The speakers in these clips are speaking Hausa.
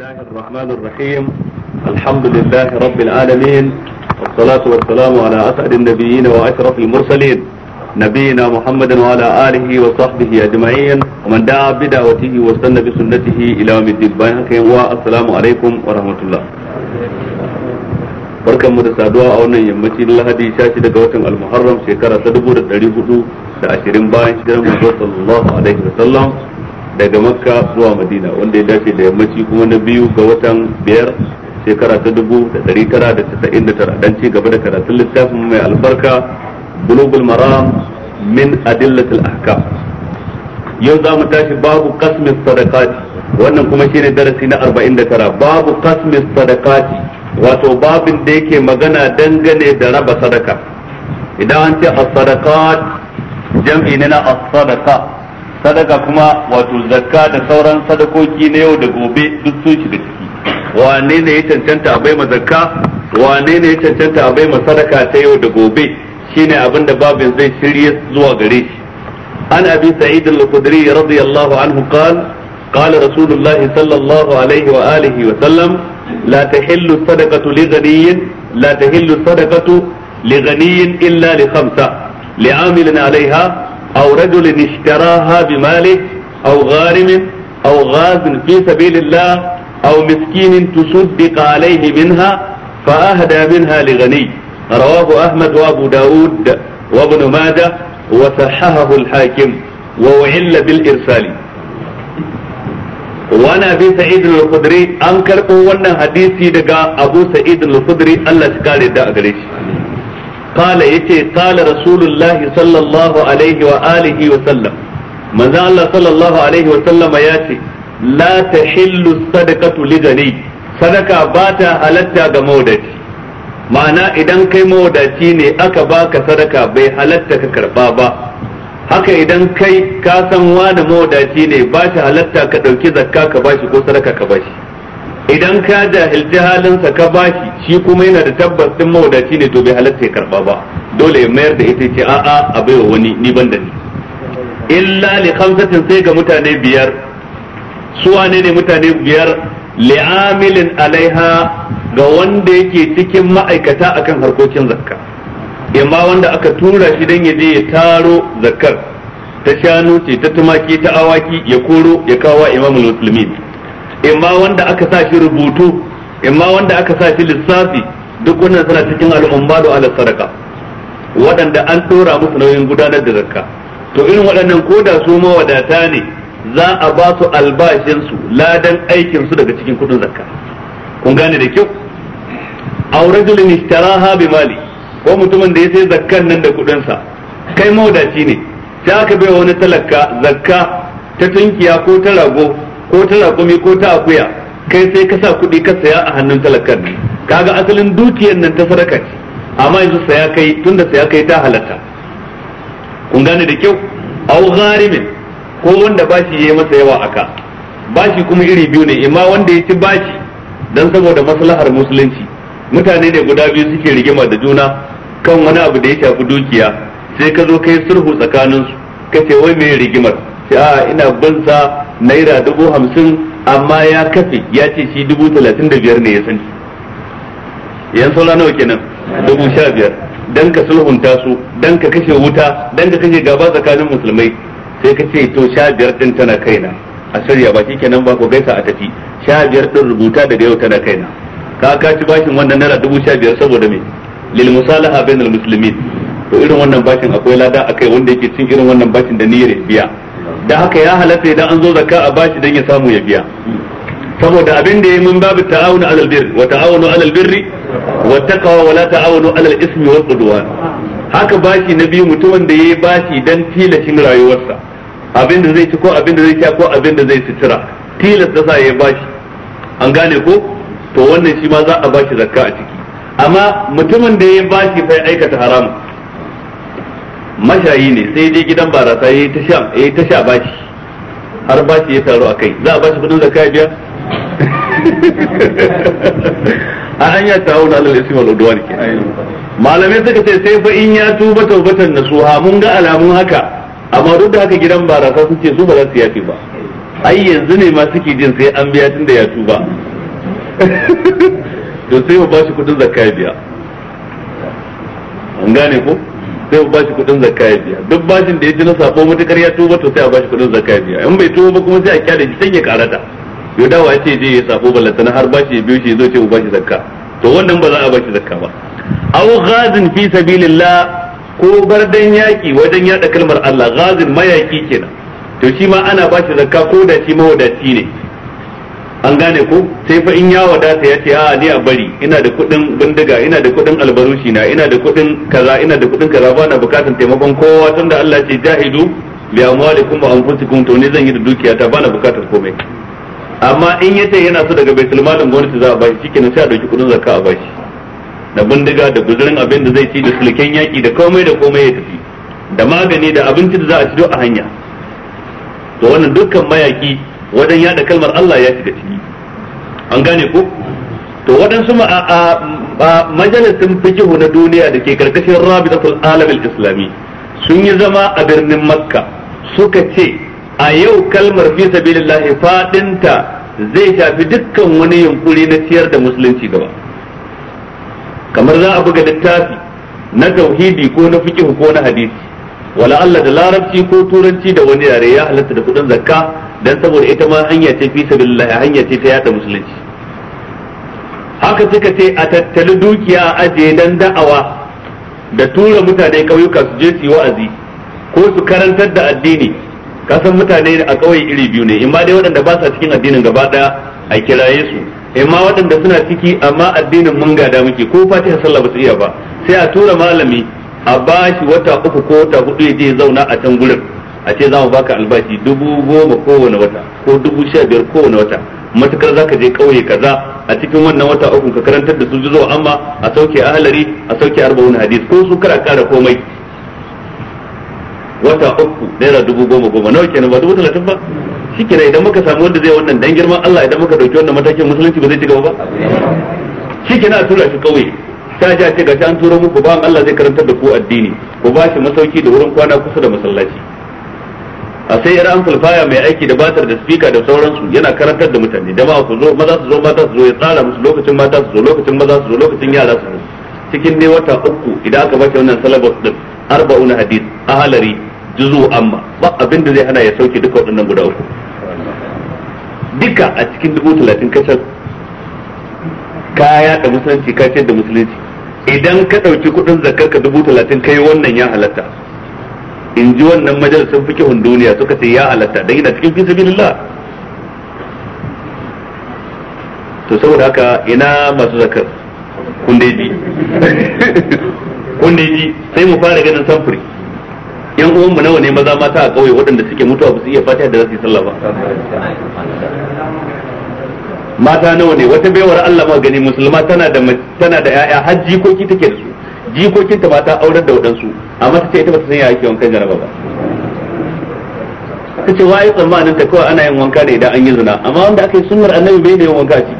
الله الرحمن الرحيم الحمد لله رب العالمين والصلاة والسلام على أسعد النبيين وأشرف المرسلين نبينا محمد وعلى آله وصحبه أجمعين ومن دعا بدعوته واستنى بسنته إلى يوم الدين والسلام عليكم ورحمة الله barkan mu da saduwa a wannan yammaci lahadi sha shida ga watan almuharram shekara ta dubu da ɗari hudu da ashirin bayan shirin manzo sallallahu alaihi wasallam daga makka zuwa madina wanda ya dace da yammaci kuma na biyu ga watan biyar shekara ta dubu da dari tara da casa'in da tara don ci gaba da karatun littafin mai albarka bulugul maram min adillatul ahkam yau za mu tashi babu kasmin sadakati wannan kuma shine darasi na arba'in da tara babu kasmin sadakati wato babin da yake magana dangane da raba sadaka idan an ce as-sadaqat jam'i na as-sadaqa sadaka kuma wato zakka da sauran sadakoki na yau da gobe duk sun shiga ciki wane ne ya cancanta a ma zakka wane ne ya cancanta a bai ma sadaka ta yau da gobe shine abin da babin zai shirye zuwa gare shi an abi sa'id al-khudri radiyallahu anhu qala قال رسول الله صلى الله عليه وآله وسلم لا تحل الصدقة لغني لا تحل الصدقة لغني إلا لخمسة لعامل عليها أو رجل اشتراها بماله أو غارم أو غاز في سبيل الله أو مسكين تصدق عليه منها فأهدى منها لغني رواه أحمد وأبو داود وابن ماجه وصححه الحاكم ووعل بالإرسال وانا ابي سعيد الخدري انكر wannan hadisi daga abu sa'id al-khudri Allah shi kare da gare shi قال يتي قال رسول الله صلى الله عليه وآله وسلم من الله صلى الله عليه وسلم ياتي لا تحل الصدقة لغني صدقة باتا halatta ga maudaci ma'ana idan kai mawadaci ne aka baka sadaka bai halatta ka karba ba haka idan kai ka san wani mawadaci ne ba shi halatta ka ɗauki zakka ka bashi ko sadaka ka bashi idan ka jahilci halinsa ka bashi shi kuma yana da tabbas din mawadaci ne to bai halatta ya karba ba dole ya mayar da ita ce a'a a baiwa wani ni ban da ni illa li khamsatin sai ga mutane biyar su wane ne mutane biyar li'amilin alaiha ga wanda yake cikin ma'aikata akan harkokin zakka imma wanda aka tura shi dan ya je ya taro zakkar ta shanu ce ta tumaki ta awaki ya koro ya kawo imamul muslimin imma wanda aka sa shi rubutu imma wanda aka sa shi lissafi duk wannan suna cikin al'ummadu ala sadaka waɗanda an ɗora musu nauyin gudanar da zakka to irin waɗannan ko da su mawadata ne za a ba su albashinsu ladan aikinsu daga cikin kuɗin zakka kun gane da kyau aw rajulin ishtaraha bi mali ko mutumin da ya sai zakkan nan da kuɗinsa, sa kai mawadaci ne sai aka bai wani talaka zakka ta tunkiya ko ta rago ko ta raƙumi ko ta akuya kai sai ka sa kuɗi ka saya a hannun talakar. ne kaga asalin dukiyar nan ta sadaka ce amma yanzu saya kai tunda saya kai ta halatta kun gane da kyau au gharimin ko wanda bashi yayi masa yawa aka bashi kuma iri biyu ne imma wanda ya ci bashi dan saboda maslahar musulunci mutane ne guda biyu suke rigima da juna kan wani abu da ya shafi dukiya sai ka zo kai sulhu tsakaninsu kace wai me rigimar sai a ah, ina bin naira dubu hamsin amma ya kafe ya ce shi dubu talatin da biyar ne ya sani yan saura nawa kenan dubu sha biyar dan ka sulhunta su dan ka kashe wuta dan ka kashe gaba tsakanin musulmai sai ka ce to sha biyar din tana kaina a shirya ba shi kenan ba ko gaisa a tafi sha biyar din rubuta daga yau tana kaina ka ka ci bashin wannan naira dubu sha biyar saboda me lil musalaha bainal muslimin to irin wannan bashin akwai lada akai wanda yake cin irin wannan bashin da niyyar biya da haka ya halatta idan an zo zakka a bashi dan ya samu ya biya saboda abin da yayi mun babu ta'awunu alal birr wa ta'awunu alal birri wa taqwa wa la ta'awunu alal ismi wal udwan haka bashi na biyu mutumin da yayi bashi dan tilashin rayuwarsa abin da zai ci ko abin da zai sha ko abin da zai sutura tilas da sa yayi bashi an gane ko to wannan shi ma za a bashi zakka a ciki amma mutumin da yayi bashi fa aikata haramu mashayi ne sai dai gidan barasa ya yi ta sha ya yi ta sha bashi har bashi ya taru a kai za a bashi kudin zakka biya a an ya tawo na lalle su wal duwa ne malamai suka ce sai fa in ya tuba su ha mun ga alamun haka amma duk da haka gidan barasa sun ce su ba za su yafi ba ai yanzu ne ma suke jin sai an biya tun da ya tuba to sai mu bashi kudin zakka biya an gane ko sai ba shi kudin zakka ya biya duk bashin da ya ji na sabo matukar ya tuba to sai a ba shi kudin zakka ya biya in bai tuba ba kuma sai a kyale shi sai ya karata yau dawa ce je ya sabo na har bashi ya biyo shi zo ce ba shi zakka to wannan ba za a bashi zakka ba aw ghazin fi sabilillah ko bardan yaki wajen yada kalmar Allah ghazin mayaki kenan to shi ma ana bashi zakka ko da shi mawadaci ne an gane ko sai fa in ya wadata ya ce a ni a bari ina da kuɗin bindiga ina da kuɗin albarushi na ina da kuɗin kaza ina da kuɗin kaza ba na bukatan taimakon kowa tunda Allah ce jahidu bi amwalikum wa anfusikum to ne zan yi da dukiyata ba na bukatar komai amma in yace yana so daga baitul malin gwamnati za a bashi shikenan sai a dauki kuɗin zakka a bashi da bindiga da guzurin abin da zai ci da sulken yaki da komai da komai ya tafi da magani da abinci da za a ci a hanya to wannan dukkan mayaki wajen yada kalmar Allah ya shiga ciki an gane ko to waɗansu ma a majalisin fikihu na duniya da ke karkashin rabitatul alamil islami sun yi zama a birnin makka suka ce a yau kalmar fi sabilillahi fadinta zai shafi dukkan wani yunkuri na ciyar da musulunci gaba kamar za a buga littafi na tauhidi ko na fikihu ko na hadisi wala Allah da larabci ko turanci da wani yare ya halatta da kuɗin zakka dan saboda ita ma hanya ce fi sabilillah hanya ce ta yada musulunci haka suka ce a tattali dukiya a ajiye dan da'awa da tura mutane kauyuka su je su yi wa'azi ko su karantar da addini kasan mutane a ƙauye iri biyu ne in ma dai waɗanda ba sa cikin addinin gaba daya a kiraye su in ma waɗanda suna ciki amma addinin mun da muke ko fatiha sallah ba su iya ba sai a tura malami a bashi wata uku ko wata hudu ya je zauna a can gurin a ce za mu baka albashi dubu goma kowane wata ko dubu sha biyar kowane wata matukar za ka je kauye kaza a cikin wannan wata uku ka karantar da su zuwa amma a sauke ahalari a sauke arba'un hadis ko su kara kara komai wata uku naira dubu goma goma nawa kenan ba dubu talatin ba shi shikenan idan muka samu wanda zai wannan dan girman Allah idan muka dauki wannan matakin musulunci ba zai ci gaba ba shi shikenan a tura shi kauye ta ja ce ga an turo muku ba Allah zai karantar da ku addini ku ba shi masauki da wurin kwana kusa da masallaci a sai yar an sulfaya mai aiki da batar da spika da sauransu yana karantar da mutane jama'a ku zo maza su zo mata su zo ya tsara musu lokacin mata su zo lokacin maza su zo lokacin yara su zo cikin ne wata uku idan aka bace wannan salabar din arba'una hadith ahalari juzu amma ba abin da zai hana ya sauke duka waɗannan guda uku duka a cikin dubu talatin kasar kaya da musulunci kashar da musulunci idan ka ɗauki kuɗin zakar ka dubu talatin kai wannan ya halatta in ji wannan majalisun fikihun duniya suka ce ya halatta dai yana cikin fisabilillah to saboda haka ina masu zakar kun dai ji kun dai ji sai mu fara ganin samfuri yan uwan mu nawa ne maza mata a kauye waɗanda suke mutuwa ba su iya fatiha da zasu su yi sallah ba mata nawa ne wata baiwar Allah ma gani musulma tana da tana da ƴaƴa hajji ko ki take da su jikokinta ba ta aurar da waɗansu amma ta ce ita ba ta san ya ake wankan jaraba ba ta ce wai tsammanin ta kawai ana yin wanka ne idan an yi zina amma wanda aka yi sunnar annabi bai da yin wanka a ciki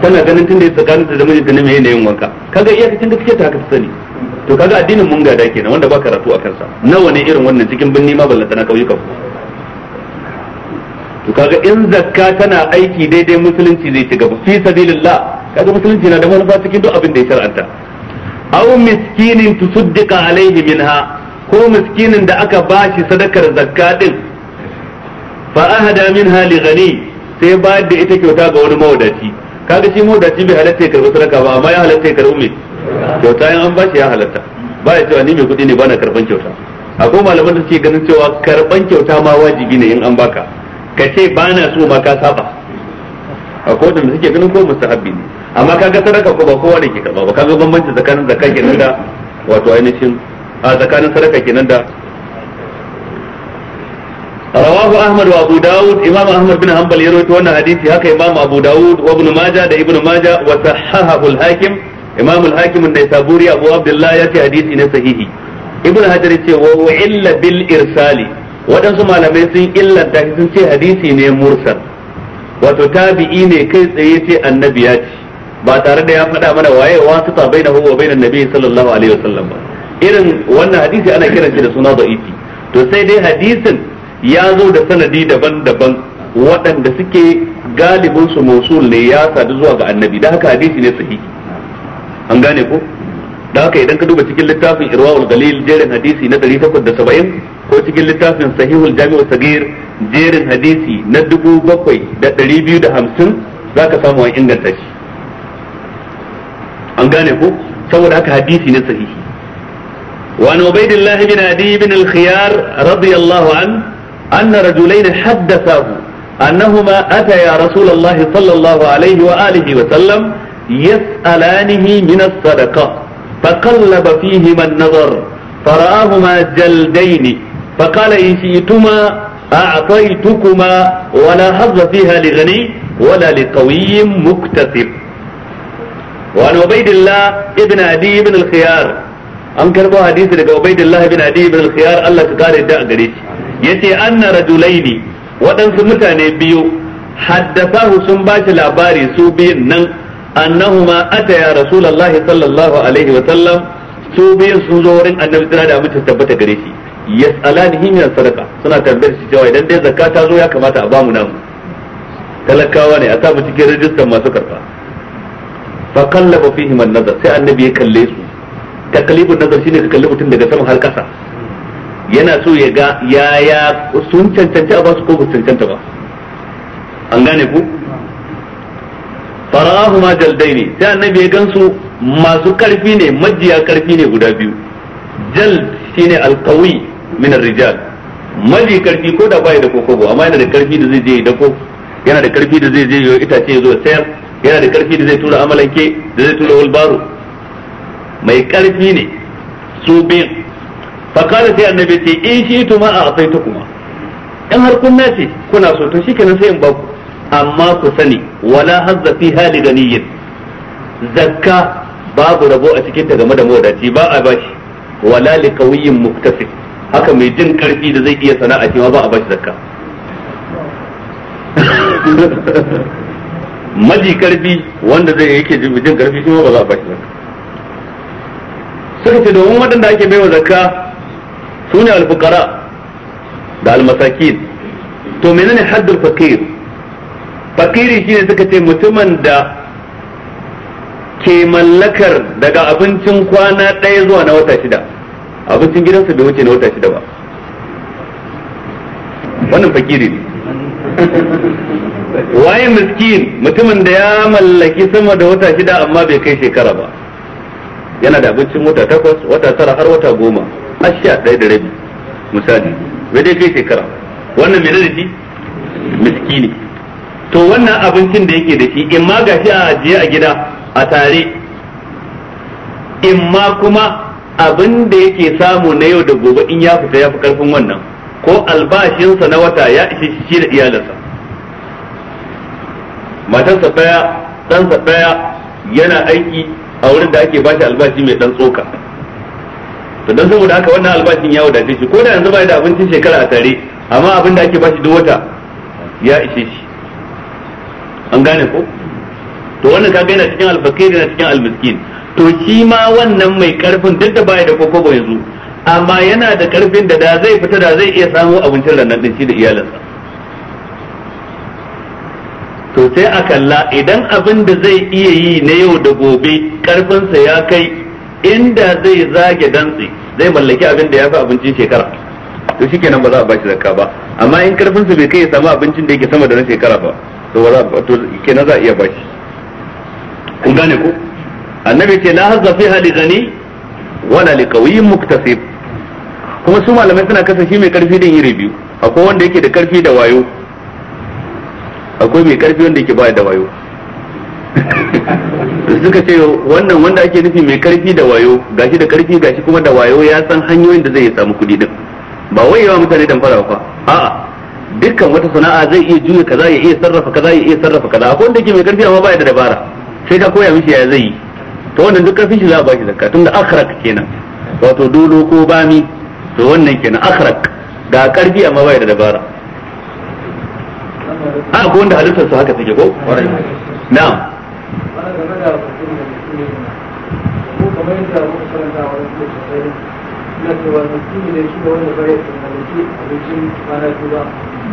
tana ganin tun da ya tsakanin da mijinta ne mai yin wanka kaga iyakacin gaskiya ta haka ta sani to kaga addinin mun gada kenan wanda ba karatu a kansa nawa ne irin wannan cikin binni ma ballanta na kauyukan to kaga in zakka tana aiki daidai musulunci zai ci gaba fi sabilillah kaga musulunci na da manufa cikin duk abin da ya shar'anta aw miskinin tusaddaqa alayhi minha ko miskinin da aka bashi sadakar zakka din fa ahada minha li ghani sai ba da ita kyauta ga wani mawadaci kaga shi mawadaci bai halatta karbi sadaka ba amma ya halatta ya karbi kyauta in an bashi ya halatta ba ya cewa ni mai kuɗi ne ba na karban kyauta akwai malaman da suke ganin cewa karban kyauta ma wajibi ne in an baka ka ce ba na so ma ka saba akwai wanda suke ganin ko mustahabbi ne amma ka ga sadaka ko ba kowa da ke karba ba ka ga bambanci tsakanin zakka nan da wato ainihin a tsakanin sadaka nan da رواه ahmad wa abu imam ahmad bin hanbal ya rawaito wannan hadisi haka imam abu daud ibn majah da ibn majah wa sahahahu al-hakim imam al-hakim an-naisaburi abu abdullah ya ce hadisi ne sahihi ibn hajar ya ce wa illa bil irsali waɗansu malamai sun illanta sun hadisi ne mursal wato tabi'i ne kai tsaye ce annabi ce ba tare da ya faɗa mana waye wasita bainahu wa bainan nabi sallallahu alaihi wasallam ba irin wannan hadisi ana kiran shi da suna da'ifi to sai dai hadisin ya zo da sanadi daban-daban waɗanda suke galibin su mausul ne ya sadu zuwa ga annabi da haka hadisi ne sahihi an gane ko da haka idan ka duba cikin littafin irwaul galil jerin hadisi na 870 ko cikin littafin sahihul jami'u sagir jerin hadisi na 7250 zaka samu an inganta shi an gane ko saboda haka hadisi ne sahihi وعن عبيد الله بن عدي بن الخيار رضي الله عنه أن رجلين حدثاه أنهما أتيا رسول الله صلى الله عليه وآله وسلم يسألانه من الصدقة فقلب فيهما النظر فرآهما جلدين فقال إن شئتما أعطيتكما ولا حظ فيها لغني ولا لقوي مكتسب wa an ubaidillah adi ibn al an karbo hadisi daga ubaidillah ibn adi ibn al Allah ka kare da gare shi yace anna rajulaini waɗansu mutane biyu haddathahu sun ba shi labari su biyun nan annahuma ataya rasulullahi sallallahu alaihi wa sallam su biyun sun zo wurin annabi jira da mutum tabbata gare shi yas'alani himyan sadaka suna tambayar shi cewa idan dai zakka ta zo ya kamata a bamu namu talakawa ne a sa mu cikin rajistar masu karfa fa kallaba fihim an-nazar sai annabi ya kalle su taklibun nazar shine ka kalli mutum daga sama har kasa yana so ya ga ya sun cancanta ba su ko ba cancanta ba an gane ku farahu ma jaldai ne sai annabi ya gansu masu karfi ne majiya karfi ne guda biyu jald shine alqawi min ar-rijal maji karfi ko da bai da kokobo amma yana da karfi da zai je da ko yana da karfi da zai je yo itace ya zo sayar yana da karfi da zai tura amalanke da zai tura walbaro mai karfi ne su biyan fakala sai annabi ce in shi to ma a asaita kuma in har kun nace kuna so to shikenan sai in ba ku amma ku sani wala hazza fi hali ganiyin zakka babu rabo a cikin ta game da mawadaci ba a bashi wala li qawiyyin muktasib haka mai jin karfi da zai iya sana'a shi ba a bashi zakka maji karfi wanda zai yake jin karfi shi ba za a bashi ba suka ce domin waɗanda ake baiwa zakka su ne alfukara da almasakin to menene haddar fakir fakiri shine suka ce mutumin da ke mallakar daga abincin kwana ɗaya zuwa na wata shida abincin gidansa bai wuce na wata shida ba wannan fakiri ne waye miskin mutumin da ya mallaki sama da wata shida amma bai kai shekara ba yana da abincin wata takwas wata tara har wata goma ashiya ɗaya da rabi misali bai dai kai shekara wannan mai da shi miskini to wannan abincin da yake da shi in ma gashi a ajiye a gida a tare in ma kuma abin da yake samu na yau da gobe in ya fita ya fi karfin wannan ko albashinsa na wata ya ishe shi shi da iyalinsa matarsa daya ɗansa daya yana aiki a wurin da ake bashi albashi mai ɗan tsoka to dan saboda haka wannan albashin ya wadace shi ko da yanzu bai da abincin shekara a tare amma abin da ake bashi duk wata ya ishe shi an gane ko to wannan ka yana cikin alfakir na cikin almiskin to shi ma wannan mai karfin duk da bai da kokobo yanzu amma yana da karfin da da zai fita da zai iya samu abincin da din shi da iyalinsa to sai a kalla idan abin da zai iya yi na yau da gobe karfinsa ya kai inda zai zage dantse zai mallaki abin da ya fi abincin shekara to shikenan ba za a bashi zakka ba amma in karfinsa bai kai ya samu abincin da yake sama da na shekara ba to ba za a to kenan za a iya bashi kun gane ko annabi ce la hazza fiha li ghani wala li qawiyyin muktasib kuma su malamai suna kasa shi mai karfi din iri biyu akwai wanda yake da karfi da wayo akwai mai karfi wanda yake ba da wayo suka ce wannan wanda ake nufi mai karfi da wayo gashi da karfi gashi kuma da wayo ya san hanyoyin da zai samu kuɗi din ba wai yawa mutane dan fara fa a'a dukkan wata sana'a zai iya juya kaza ya iya sarrafa kaza ya iya sarrafa kaza akwai wanda yake mai karfi amma baya da dabara sai ka koya mishi ya zai yi to wannan duk karfin shi za a bashi zakka tunda akhirat kenan wato dolo ko bami to wannan kenan akhraq ga karbi amma bai da dabara a ko wanda halittar su haka take ko na'am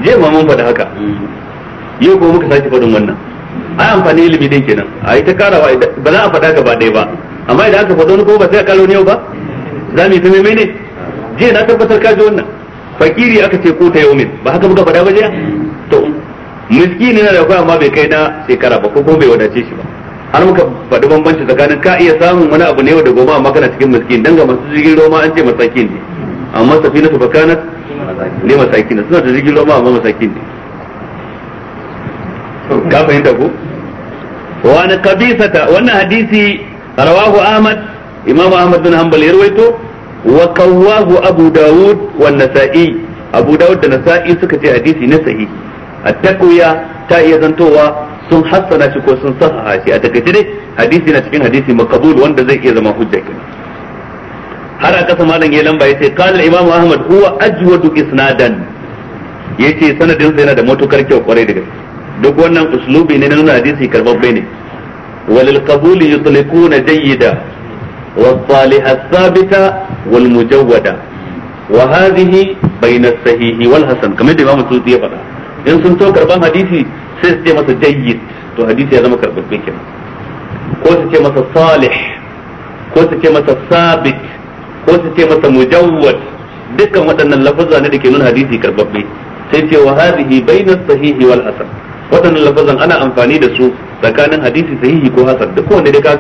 je ma mun faɗa haka yau ko muka sake faɗin wannan ai amfani ilimi din kenan a yi ta karawa ba za a faɗa gaba ɗaya ba amma idan aka faɗo wani ko ba sai a karo ne ba za mu yi ta meme ne jiya na tabbatar ka ji wannan fakiri aka ce ko ta yaumin ba haka muka faɗa ba jiya to miskini na da kwa amma bai kai na shekara ba ko bai wadace shi ba har muka faɗi bambanci tsakanin ka iya samun wani abu ne da goma amma kana cikin miskini dan ga masu jirgin roma an ce masakin ne amma safina su bakana ne masakin ne suna da jirgin roma amma masakin ne ka fahimta ko wa kabisata wannan hadisi rawahu ahmad imamu ahmad bin hanbal ya rawaito wa qawwahu abu daud wa nasa'i abu da nasa'i suka ce hadisi na sahihi at ta iya zantowa sun hassana shi ko sun sahaha shi a takaice dai hadisi na cikin hadisi makabul wanda zai iya zama hujja kenan har a kasa malam ya lamba yace qala imam ahmad huwa ajwadu isnadan yace sanadin sai yana da matukar kyau kwarai daga duk wannan uslubi ne na nuna hadisi karbabbe ne walil qabuli yutliquna jayyida والصالحة الثابتة والمجودة وهذه بين الصحيح والحسن كما الإمام السيوطي يفعل إن سنتو كربان حديثي سيستي مسا جيد تو حديثي هذا ما كربان بكنا كوسة مسا صالح كوسة مسا ثابت كوسة مسا مجود dukkan waɗannan lafazza da ke nuna hadisi karbabbe sai ce wa hadhihi bayna sahihi wal hasan waɗannan ana amfani da su tsakanin hadisi sahihi ko hasan duk wanda dai ka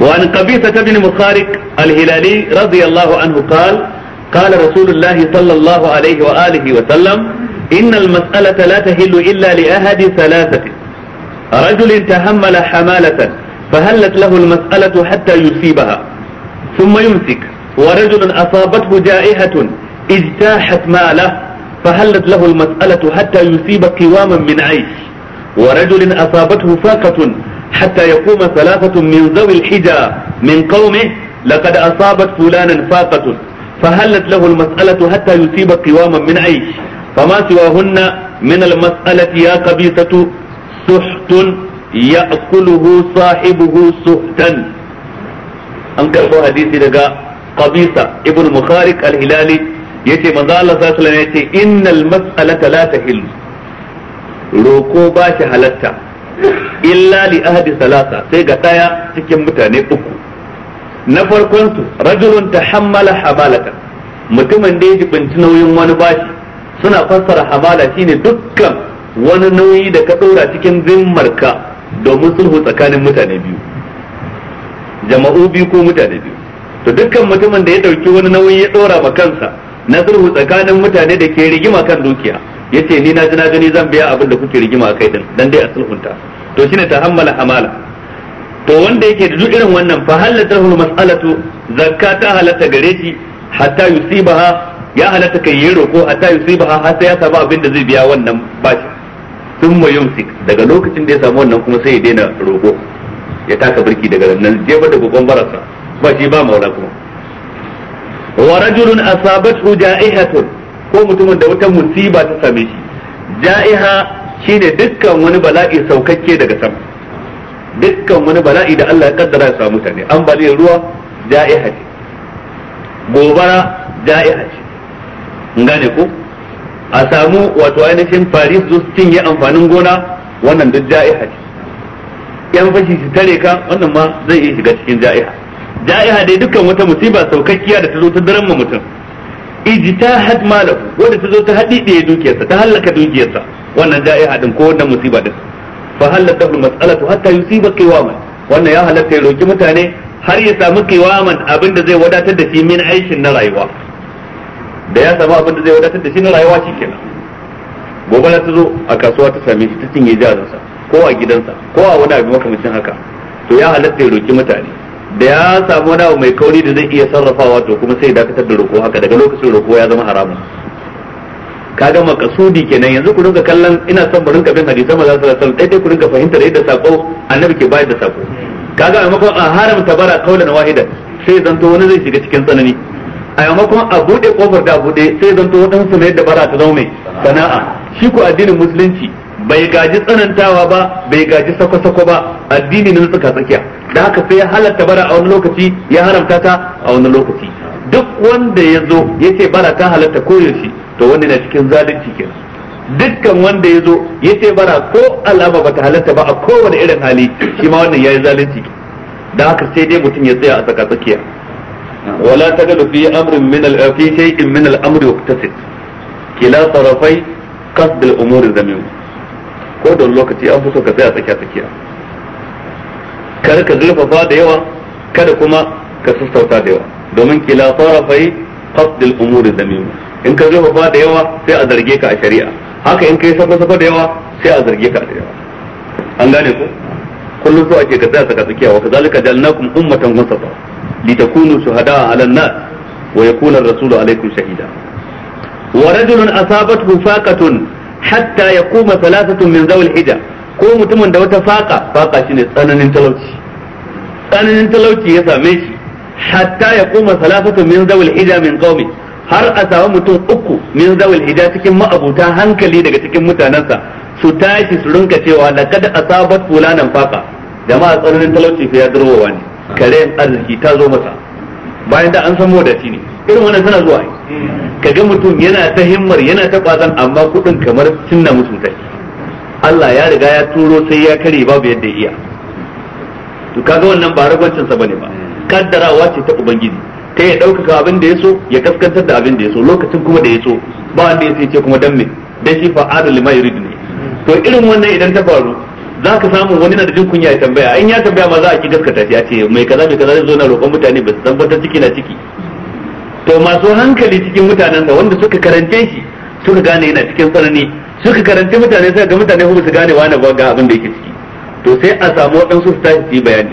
وعن قبيصة بن مخارق الهلالي رضي الله عنه قال قال رسول الله صلى الله عليه وآله وسلم إن المسألة لا تهل إلا لأحد ثلاثة رجل تحمل حمالة فهلت له المسألة حتى يصيبها ثم يمسك ورجل أصابته جائحة اجتاحت ماله فهلت له المسألة حتى يصيب قواما من عيش ورجل أصابته فاقة hatta yaquma thalathatun min zawil hija min qaumi laqad asabat fulanan faqatun فهلت له المسألة حتى يصيب قواما من عيش فما سواهن من المسألة يا قبيصة سحت يأكله صاحبه سحتا أنكر حديث دقاء قبيصة ابن مخارق الهلالي yace manzo Allah sallallahu alaihi wasallam yace innal mas'alata la tahillu roko ba shi halatta illa li ahadi salasa sai ga daya cikin mutane uku na farkon su rajulun tahammala habalatan mutumin da ya jibinci nauyin wani bashi suna fassara hamala shine dukkan wani nauyi da ka dora cikin zimmarka domin sulhu tsakanin mutane biyu jama'u biyu ko mutane biyu to dukkan mutumin da ya dauki wani nauyi ya dora ma kansa na sulhu tsakanin mutane da ke rigima kan dukiya yace ni na ji na gani zan biya abin da kuke rigima kai din dan dai a sulhunta to shine hammala hamala to wanda yake da duk irin wannan fa hu mas'alatu zakka ta halatta gare shi hatta yusibaha ya halatta kai yi roko hatta yusibaha har sai ya samu abin da zai biya wannan bashi thumma yumsik daga lokacin da ya samu wannan kuma sai ya daina roko ya taka birki daga nan ba da gogon barasa ba shi ba maula kuma wa rajulun asabathu ja'ihatun ko mutumin da wata musiba ta same shi ja'iha Shi ne dukkan wani bala'i saukakke daga sama dukkan wani bala'i da Allah ya kaddara ya samu mutane ambaliyar ruwa ja'iha ce gobara ja'iha ce gane ko a samu wato ainihin faris zo ya amfanin gona wannan duk ja'iha ce yan fashi shi tare ka wannan ma zai iya shiga cikin ja'iha ja'iha dai dukkan wata musiba saukakkiya da ta zo ta daren mutum ijtahad malahu wanda ta zo ta hadidiye dukiyarsa ta halaka dukiyarsa wannan ja'iha din ko wannan musiba din fa halaka al mas'alatu hatta yusiba qiwaman wannan ya halatta ya roki mutane har ya samu qiwaman abinda zai wadatar da shi min aishin na rayuwa da ya samu abinda zai wadatar da shi na rayuwa shikenan gobe ta zo a kasuwa ta same shi ta cinye jarinsa ko a gidansa ko a wani abu makamancin haka to ya halatta ya roki mutane da ya samu wani abu mai kauri da zai iya sarrafawa to kuma sai dakatar da roko haka daga lokacin roko ya zama haramun kaga makasudi kenan yanzu ku rinka kallon ina son mu rinka bin hadisan maza sallallahu alaihi wasallam dai ku rinka fahimtar yadda sako annabi ke bayar da sako kaga a maimakon a haramta bara kaulan wahida sai zanto wani zai shiga cikin tsanani a maimakon a bude kofar da bude sai zanto wadansu ne da bara ta zama mai sana'a shi ku addinin musulunci bai gaji tsanantawa ba bai gaji sako-sako ba addini na tsaka tsakiya da haka sai ya halatta bara a wani lokaci ya haramta ta a wani lokaci duk wanda ya zo ya ce bara ta halatta koyaushe to wanda na cikin zalunci kenan dukkan wanda ya zo ya ce bara ko alama ba ta halatta ba a kowane irin hali shi ma wannan ya yi zalunci da haka sai dai mutum ya tsaya a tsaka tsakiya wala tagalu fi amrin min al fi shay'in min al amri waqtasid kila tarafai qasd al umuri zamin ko da lokaci an fi so ka tsaya tsakiya tsakiya kar ka zurfafa da yawa kada kuma ka sassauta da yawa domin kila sarafai qasdil umuri zamim in ka zurfafa da yawa sai a zarge ka a shari'a haka in kai sako sako da yawa sai a zarge ka a shari'a an gane ko kullum so ake ka tsaya tsaka tsakiya wa kazalika jalnakum ummatan wasata litakunu shuhada'a 'alan nas wa yakuna ar-rasulu 'alaykum shahida ورجل أصابته فاقة hatta ya kuma salasatun min zawul hija ko mutumin da wata faka faka shine tsananin talauci tsananin talauci ya same shi hatta ya kuma salasatun min zawul hija min qaumi har a samu mutum uku min zawul hija cikin ma'abuta hankali daga cikin mutanensa su tashi su rinka cewa laqad asabat fulanan faƙa. jama'a tsananin talauci fa ya durwowa ne kare arziki ta zo masa bayan da an san shi ne irin wannan suna zuwa Ka ga mutum yana ta himmar yana ta kwazan amma kudin kamar cinna mutum tai Allah ya riga ya turo sai ya kare babu yadda ya iya to kaga wannan ba ragwancin sa bane ba kaddarawa ce ta ubangiji ta ya ɗaukaka abin da ya ya kaskantar da abin da yaso so lokacin kuma da ya so ba wanda ya ce kuma dan me dan shi fa'adul lima yurid ne to irin wannan idan ta faru za ka samu wani na da jin kunya ya tambaya in ya tambaya ma za a ki gaskata shi a ce mai kaza mai kaza zai zo na roƙon mutane ba su tabbatar ciki na ciki to masu hankali cikin mutanensa wanda suka karance shi suka gane yana cikin tsanani suka karanci mutane suka ga mutane kuma su gane wani ga abin da yake ciki to sai a samu waɗansu su tashi su yi bayani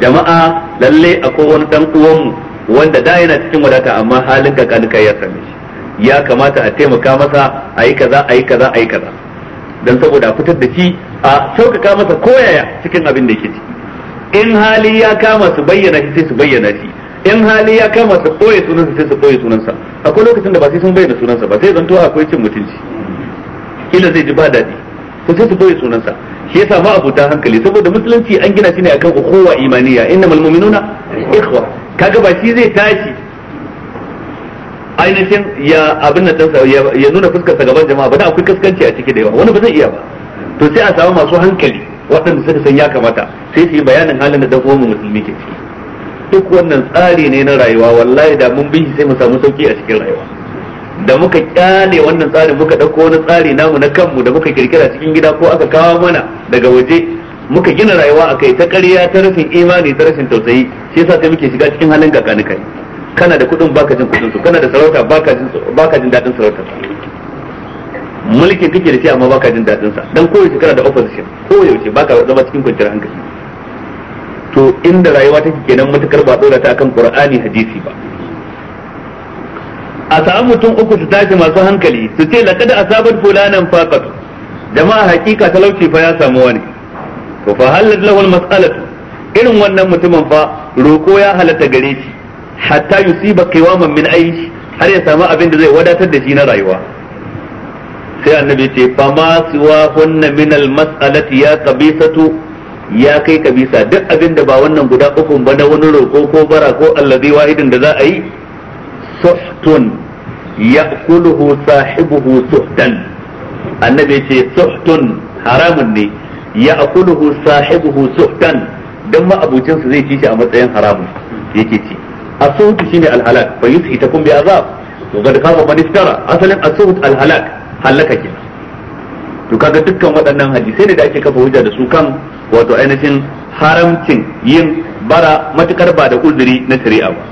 jama'a lalle ko wani dan uwanmu wanda da yana cikin wadata amma halin kakanika ya same shi ya kamata a taimaka masa a yi kaza a yi kaza a yi kaza don saboda a fitar da shi a sauƙaƙa masa koyaya cikin abin da yake ciki in hali ya kama su bayyana shi sai su bayyana shi in hali ya kama su koye sunansa sai su koye sunansa akwai lokacin da ba sai sun bayyana sunansa ba sai zanto akwai cin mutunci kila zai ji ba daɗi ko sai su koye sunansa shi yasa ma abuta hankali saboda musulunci an gina shi ne akan ukhuwa imaniya innamal mu'minuna ikhwa kaga ba shi zai tashi ainihin ya abin nan ɗansa ya nuna fuskarsa gaban jama'a ba da akwai kaskanci a cikin da yawa wani ba zai iya ba to sai a samu masu hankali waɗanda suka san ya kamata sai su yi bayanin halin da dan uwan musulmi ke ciki duk wannan tsari ne na rayuwa wallahi da mun bi sai mu samu sauki a cikin rayuwa da muka kyale wannan tsari muka dauko wani tsari namu na kanmu da muka kirkira cikin gida ko aka kawo mana daga waje muka gina rayuwa a kai ta ƙarya ta rashin imani ta rashin tausayi shi yasa sai muke shiga cikin halin kakani kai kana da kuɗin baka jin kuɗin su kana da sarauta baka jin baka jin dadin sarauta mulkin kake da shi amma baka jin dadin sa dan kowace kana da opposition kowace baka zama cikin kwanciyar hankali to inda rayuwa take kenan matukar ba dora ta kan qur'ani hadisi ba a samu mutum uku su tashi masu hankali su ce laqad asabat fulanan faqat jama'a hakika talauci fa ya samu wani to fa halat lahu almas'alatu irin wannan mutumin fa roko ya halatta gare shi hatta yusiba qiwaman min aish har ya samu abin da zai wadatar da shi na rayuwa sai annabi ce ma suwa hunna min almas'alati ya qabisatu ya kai ka bisa duk abin da ba wannan guda ukun ba na wani roko ko bara ko allazi wahidin da za a yi suhtun ya'kuluhu sahibuhu suhtan annabi ce suhtun haramun ne ya'kuluhu sahibuhu suhtan dan ma abucin su zai ci shi a matsayin haramun yake ci shi suhtu shine al su ita kun bi azab to ga khaba man asalin a suht alhalak halaka ke to kaga dukkan waɗannan hadisai ne da ake kafa hujja da su kan wato ainihin haramcin yin bara matukar ba da uzuri na shari'a ba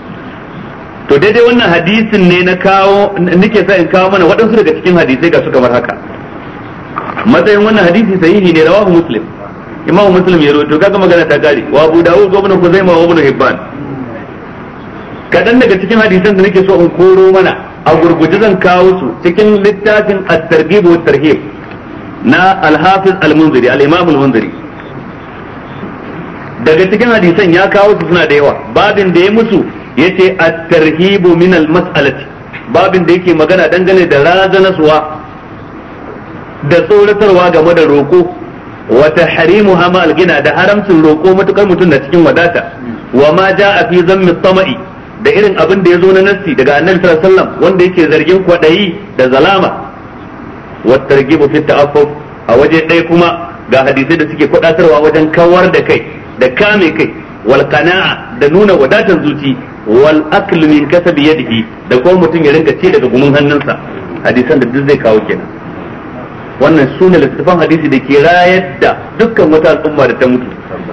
to daidai wannan hadisin ne na kawo nake sa in kawo mana waɗansu daga cikin hadisai ga su kamar haka matsayin wannan hadisi sahihi ne rawahu muslim imamu muslim ya rawaito kaga magana ta gari wa abu dawud wa zai kuzaima wa ibn hibban kadan daga cikin hadisan da nake so in koro mana a gurguje zan kawo su cikin littafin at-targhib wa tarhib na al-hafiz al-munziri al-imam al-munziri daga cikin hadisan ya kawo su suna da yawa babin da ya musu ya ce a tarhibu min al-mas'alati babin da yake magana dangane da razanaswa da tsoratarwa game da roko wa tahrimu hama al-gina da haramcin roko matukar mutum na cikin wadata wa ma jaa fi zammi tama'i da irin abin da ya zo na nassi daga annabi sallallahu alaihi wasallam wanda yake zargin kwaɗayi da zalama wa tarhibu fi ta'affuf a waje ɗaya kuma ga hadisai da suke kwaɗatarwa wajen kawar da kai da kame kai wal qana'a da nuna wadatar zuci wal akl min kasabi yadihi da kuma mutum ya rinka ci daga gumin hannunsa hadisan da duk zai kawo kenan wannan sune littafan hadisi da ke rayar da dukkan wata al'umma da ta mutu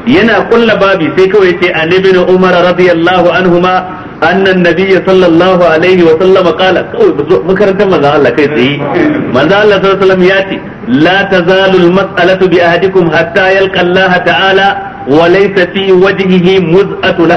yana kulla babi sai kawai ce an ibn umar radiyallahu anhuma anna nabiyya sallallahu alaihi wa sallam qala kawai makarantar manzo Allah kai tsaye manzo Allah sallallahu ya ce la tazalu al mas'alatu bi ahadikum hatta yalqa Allah ta'ala Walaisafi fi wajhihi muz'atu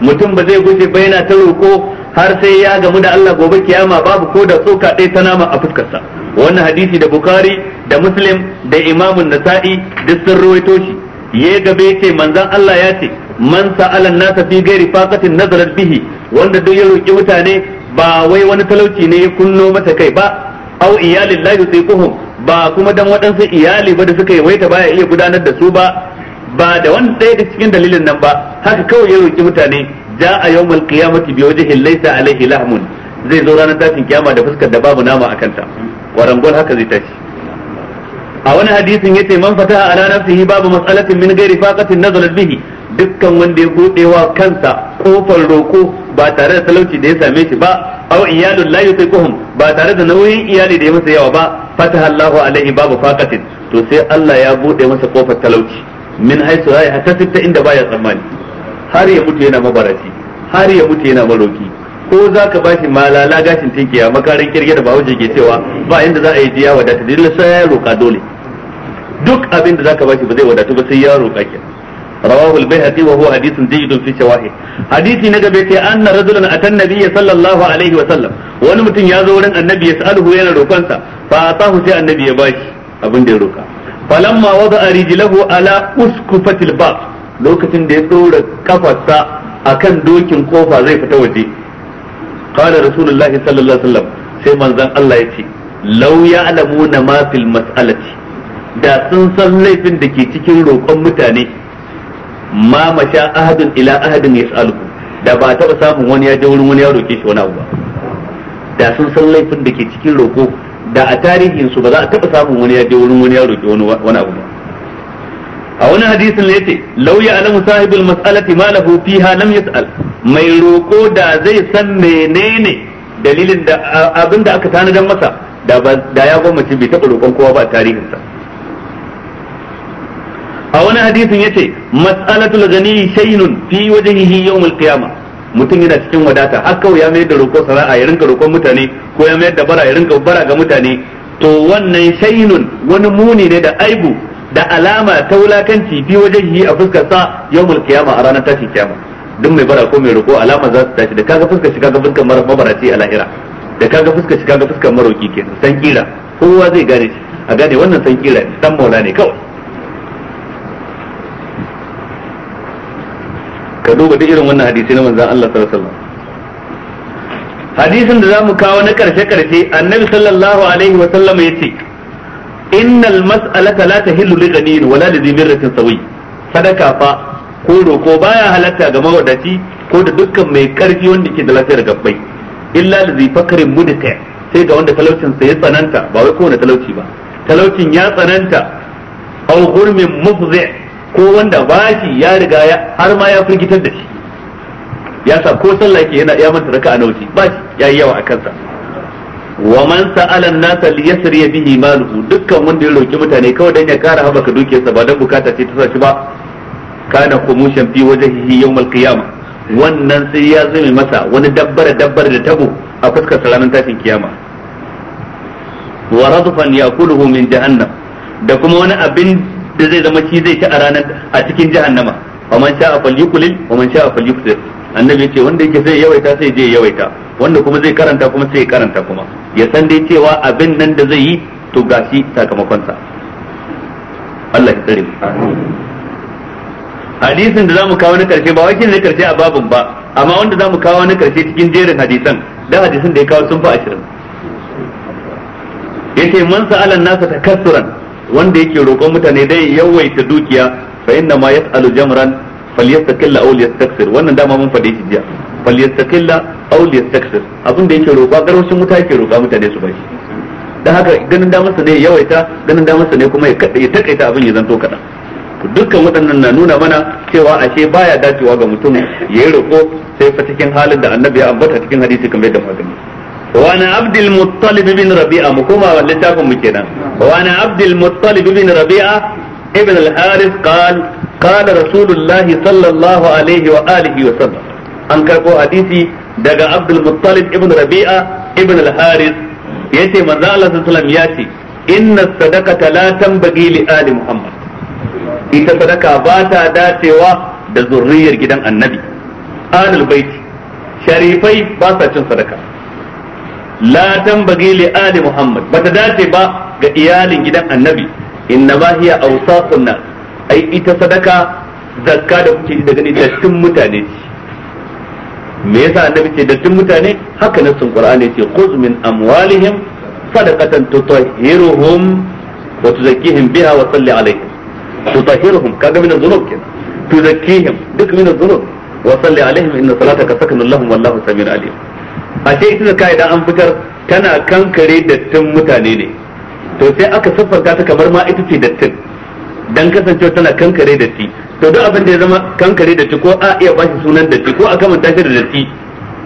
mutum ba zai guje ba yana ta roko har sai ya gamu da Allah gobe kiyama babu ko da tsoka ɗaya ta nama a fuskarsa wannan hadisi da bukari da muslim da imamun nasa'i duk sun rawaito shi ya gabe ce manzon Allah ya ce man sa'ala nasa fi ghairi faqatin nazarat bihi wanda duk ya roki mutane ba wai wani talauci ne ya kunno mata kai ba au iyalin la ba kuma dan waɗansu iyali ba da suka yi waita baya iya gudanar da su ba ba da wani ɗaya da cikin dalilin nan ba haka kawai ya roki mutane ja a yawmal qiyamati bi wajhin laysa alaihi lahmun zai zo ranar tashin kiyama da fuskar da babu nama a kanta warangol haka zai tashi a wani hadisin yace man a ala nafsihi babu mas'alatin min ghairi faqatin nazalat bihi dukkan wanda ya bude wa kansa kofar roko ba tare da talauci da ya same shi ba aw iyalun la yutiquhum ba tare da nauyin iyali da ya masa yawa ba fataha Allahu alaihi babu faqatin to sai Allah ya buɗe masa kofar talauci min haisu yi yahtasib ta inda baya tsammani har ya mutu yana mabarati, har ya mutu yana maroki ko za ka ba bashi malala gashin tinkiya makarin kirge da bawo ke cewa ba inda za a yi jiya wadata dole sai ya roƙa dole duk abin da za ka ba shi ba zai wadatu ba sai ya roƙa ki rawahul al wa huwa hadithun jayyidun fi shawahid hadisi na gaba ce anna rajulan atan nabiyya sallallahu alaihi wa sallam wani mutum ya zo wurin annabi ya sa'aluhu yana roƙonsa fa atahu sai annabi ya bashi abin da ya roƙa. falamma wada rijlahu ala uskufatil bab lokacin da ya dora kafarsa akan dokin kofa zai fita waje qala rasulullahi sallallahu alaihi wasallam sai manzan Allah yace law ya'lamuna ma fil mas'alati da sun san laifin da ke cikin roƙon mutane ma masha ahadun ila ahadin yas'aluhu da ba taɓa samun wani ya je wurin wani ya roke shi wani abu ba da sun san laifin da ke cikin roƙo da a tarihin su ba za a taba samun wani ya je wurin wani ya roki wani wani abu ba a wani hadisin ne yace law ya alamu sahibul mas'alati ma lahu fiha lam yas'al mai roko da zai san menene dalilin da abin da aka tanadan masa da da ya gwamnati bai taba roƙon kowa ba a tarihinsa a wani hadisin yace mas'alatul ghani shay'un fi wajhihi yawm al-qiyamah mutum yana cikin wadata har kawai ya mai da roƙo sana'a ya rinka roƙon mutane ko ya mai da bara ya rinka bara ga mutane to wannan shainun wani muni ne da aibu da alama ta wulakanci bi wajen yi a fuskar sa yawmul kiyama a ranar tashi kiyama duk mai bara ko mai roƙo alama za su tashi da kaga fuskar shi kaga fuskar mabaraci a lahira da kaga fuskar shi kaga fuskar maroƙi kenan san kira kowa zai gane shi a gane wannan san kira san maula ne kawai ka duba duk irin wannan hadisi na manzon Allah sallallahu alaihi hadisin da mu kawo na karshe karshe annabi sallallahu alaihi ya yace innal mas'alata la tahillu li ghanin wala li dhimirratin sawi sadaka fa ko roko baya halatta ga mawadaci ko da dukkan mai karfi wanda ke da lafiyar gabbai illa li zifakarin mudika sai ga wanda talaucin sa ya tsananta ba wai kowane talauci ba talaucin ya tsananta aw hurmin mufzi' ko wanda bashi ya riga ya har ma ya firgitar da shi ya sa ko sallah yake yana ya manta raka'a nauci bashi yi yawa a kansa wa man sa'ala an-nasa liyasriya bihi maluhu dukkan wanda ya roki mutane kawai dan ya kara habaka dukiyarsa ba dan bukata ce ta sa ba kana kumushan fi wajhihi yawmal qiyamah wannan sai ya zame masa wani dabbara dabbara da tabo a fuskar salamin tashin kiyama wa radfan yakuluhu min jahannam da kuma wani abin da zai zama shi zai ci a ranar a cikin jahannama faman sha'a falyuqlil waman sha'a falyuktir annabi ce wanda yake zai yawaita sai je yawaita wanda kuma zai karanta kuma sai karanta kuma ya san dai cewa abin nan da zai yi to gashi sakamakonsa Allah ya tsare hadisin da zamu kawo na karshe ba wakin ne karshe a babin ba amma wanda zamu kawo na karshe cikin jerin hadisan da hadisin da ya kawo sun fa 20 yace man sa'alan nasa takassuran wanda yake roƙon mutane dai yawaita dukiya fa inna ma yas'alu jamran falyastaqilla aw liyastaksir wannan dama mun fade shi jiya falyastaqilla aw liyastaksir abin da yake roƙa garwashin mutane yake roƙa mutane su bashi dan haka ganin damar sa ne yawaita ganin damar sa ne kuma ya takaita abin ya zanto kaɗan dukkan waɗannan na nuna mana cewa ashe baya dacewa ga mutum ya yi roƙo sai fa cikin halin da annabi ya ambata cikin hadisi kamar da magani وانا عبد المطلب بن ربيعه مكوما ولتاكم مكينا وانا عبد المطلب بن ربيعه ابن الحارث قال قال رسول الله صلى الله عليه واله وسلم an karbo حديثي daga عبد المطلب ابن ربيعه ابن الحارث يتي من manzo Allah sallallahu alaihi wasallam yace ان sadaqata لا تنبغي li محمد ita sadaka ba ta dacewa da zurriyar gidan Annabi ahlul bait sharifai ba sa cin sadaka la tambagi li ali muhammad ta dace ba ga iyalin gidan annabi inna ba hiya awsaqun nas ai ita sadaka zakka da kuke da gani dattin mutane me yasa annabi ce dattin mutane haka na sun qur'ani ce khudh min amwalihim sadaqatan tutahhiruhum wa tuzakkihim biha wa salli alaihim tutahhiruhum kaga min dhunub kenan tuzakkihim duk min zunub wa salli alaihim inna salataka sakanun lahum wallahu samiyun alim a ce ita zaka idan an fitar tana kankare dattin mutane ne to sai aka siffarta ta kamar ma ita ce dattin dan kasancewa tana kankare datti to duk abin da ya zama kankare datti ko a iya bashi sunan datti ko a kamanta shi da datti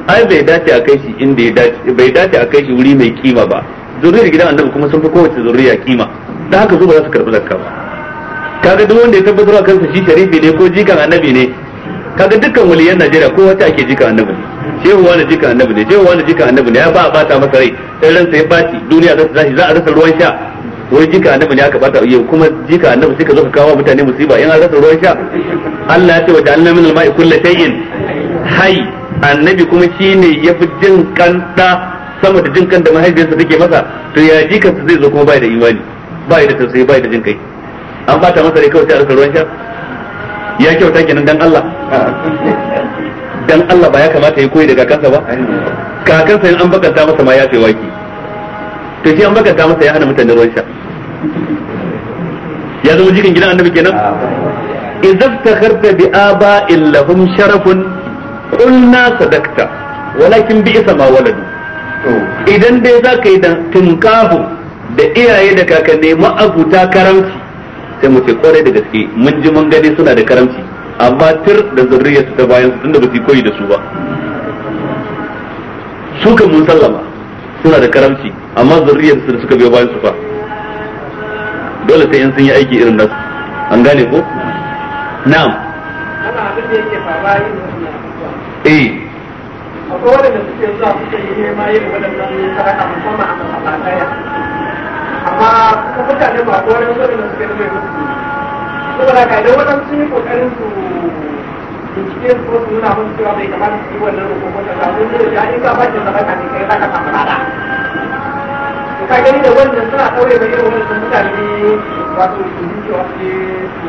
ai bai dace a kai shi inda ya dace bai dace a kai shi wuri mai kima ba zuriyar gidan annabi kuma sun fi kowace zuriya kima da haka zuwa za su karbi zakka ba kaga duk wanda ya tabbatar a kansa shi sharifi ne ko jikan annabi ne kaga dukkan waliyan Najeriya ko wata ake jikan annabi ne shehu wani jika annabi ne shehu wani jika annabi ne ya ba a bata masa rai sai ransa ya baci duniya za su tashi za a rasa ruwan sha wai jika annabi ne aka bata yau kuma jika annabi sai ka zo ka kawo mutane musiba in an rasa ruwan sha Allah ya ce wa ja'alna min al-ma'i kullu shay'in hay annabi kuma shine yafi jin kanta sama da jin kan da mahaifiyarsa take masa to ya su zai zo kuma bai da imani bai da tausayi bai da jin kai an bata masa rai kawai sai a rasa ruwan sha ya kyauta kenan dan Allah dan Allah ba ya kamata ya koyi daga kansa ba kakansa in an bakanta masa ma ya ce waki to shi an bakanta masa ya hana mutane ruwan sha ya zama jikin gidan annabi kenan idza takharta bi aba'in lahum sharafun qulna sadaqta walakin bi isma ma waladu idan dai za yi da tinkahu da iyaye da kakanni ma'abuta karamci sai mu ce kore da gaske mun ji mun gani suna da karamci amma tir da zurriyarsa ta bayan tunda ba su koyi da su ba su musallama suna da karamci amma zurriyarsu da suka biyo bayan su fa dole sai in sun yi aiki irin nasu an gane ko na'am eh akwai da suke zuwa suke yi nema yin waɗannan sadaka musamman a masallataya amma kuma mutane ba kowa da suke zuwa mai mutu saboda ka idan waɗansu sun yi ƙoƙarin su binciken ko su nuna musu cewa bai kamata su yi wannan hukumar da zaɓen zai da in ka ba shi zaɓen kafin kai za ka samu lada. To ka gani da suna ɗaure mai irin wannan mutane wato su yi cewa su yi su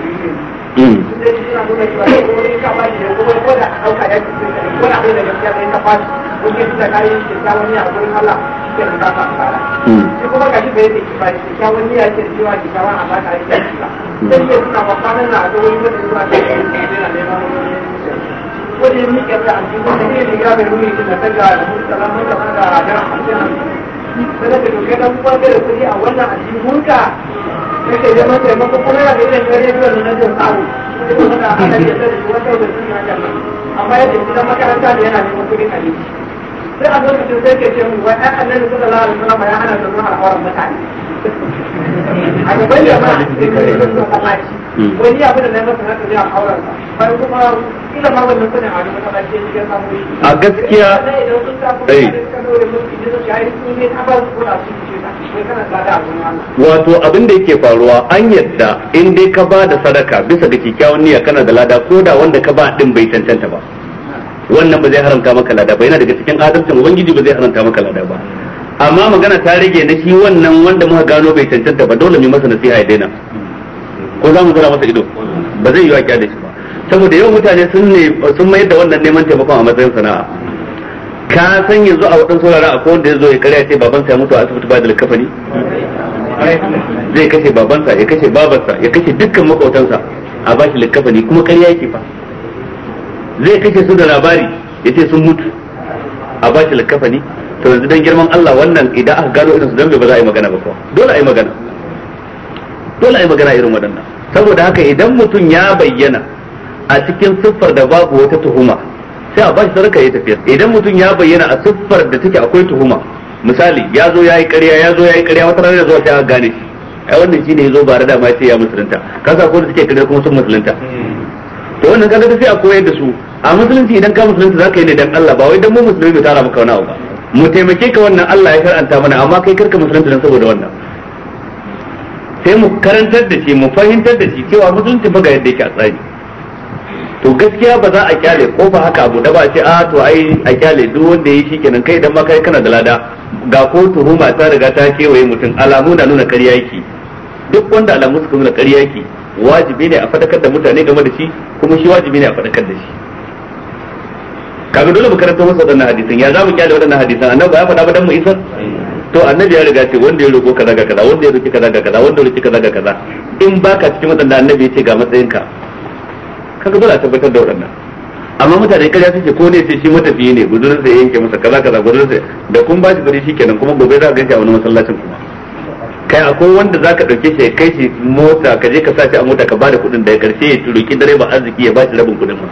yi mm. suna nuna cewa ko in ka ba shi ne ko ko da a ɗauka ya ce ko da abin da gaskiya bai ka ba shi ko ke su kayan shi a gurin shi kuma bai da shi ba shi kyawun niyya ce cewa a baka yake shi ba sai ke suna na a ga wani mutum ta yi yana neman wani ko da ya ta an cikin wani ne ya bai rumi shi da ta ga da mutum salamu da wanda a gara hamsin hamsin sai da kai dan kuwa da kuɗi a wannan aljihunka kake neman taimako kuma yana da irin gari biyar na jin tsaro sai kuma da ana yi da wata da amma makaranta da yana neman kuɗi a sai a lokacin sai ke ce wai ai annabi sallallahu alaihi wasallam ya hana mutane a wani ya masa haka sa bai kuma kila ma wannan sanin a ya yi. a gaskiya idan sun eh. da suka dore da su su ne ba su kula su Wato abin da yake faruwa an yadda in dai ka ba da sadaka bisa da kyakkyawan niyya kana da lada ko da wanda ka ba din bai cancanta ba. wannan ba zai haramta maka lada ba yana daga cikin adalcin ubangiji ba zai haramta maka lada ba amma magana ta rage na shi wannan wanda muka gano bai cancanta ba dole mu masa nasiha ya daina ko za mu gura masa ido ba zai yi wakiya da shi ba saboda yau mutane sun ne sun mayar da wannan neman taimakon a matsayin sana'a ka san yanzu a waɗansu wuraren akwai wanda ya zo ya karya ce babansa ya mutu a asibiti ba da likafani zai kashe babansa ya kashe babarsa ya kashe dukkan makotansa a bashi likafani kuma karya yake fa zai kake su da labari yace sun mutu a ba shi likafani to yanzu dan girman Allah wannan idan aka gano irin su dan ba za a yi magana ba kuwa dole a yi magana dole a yi magana irin waɗannan saboda haka idan mutum ya bayyana a cikin siffar da babu wata tuhuma sai a ba shi sadaka ya tafiya idan mutum ya bayyana a siffar da take akwai tuhuma misali ya zo ya yi ƙarya ya zo ya yi ƙarya wata ya zo sai aka gane shi ai wannan shine ya zo ba da ma ya ya musulunta kasa ko da suke kare kuma sun musulunta to wannan kaga sai a koyar da su a musulunci idan ka musulunci zaka yi ne dan Allah ba wai dan mu musulmi mu tara maka wani ba mu taimake ka wannan Allah ya karanta mana amma kai karka musulunci dan saboda wannan sai mu karantar da shi mu fahimtar da shi cewa musulunci fa ga yadda yake a tsari to gaskiya ba za a kyale ko ba haka abu da ba ce a ah, to ai a kyale duk wanda yayi shi kenan kai idan ma kai kana da lada ga ko tuhuma ta riga ta kewaye mutum alamu na nuna ƙarya yake duk wanda alamu suka nuna ƙarya yake wajibi ne a fadakar da mutane game da shi kuma shi wajibi ne a fadakar da shi kaga dole mu karanta masa wadannan hadisan ya zamu kyale wadannan hadisan annabi ya faɗa ba dan mu isa to annabi ya riga ce wanda ya roko kaza ga kaza wanda ya roki kaza ga kaza wanda ya roki kaza ga kaza in baka cikin wadanda annabi ya ce ga matsayinka kaga dole a tabbatar da wadannan amma mutane kariya suke ko ne sai shi matafiyi ne gudurin sai yanke masa kaza kaza gudurin sai da kun ba shi shi kenan kuma gobe za ka ganshi a wani masallacin kuma kai akwai wanda za ka ɗauke shi kai shi mota ka je ka sa shi a mota ka bada kuɗin daga ƙarshe ya dare ba arziki ya ba shi rabin kuɗin ma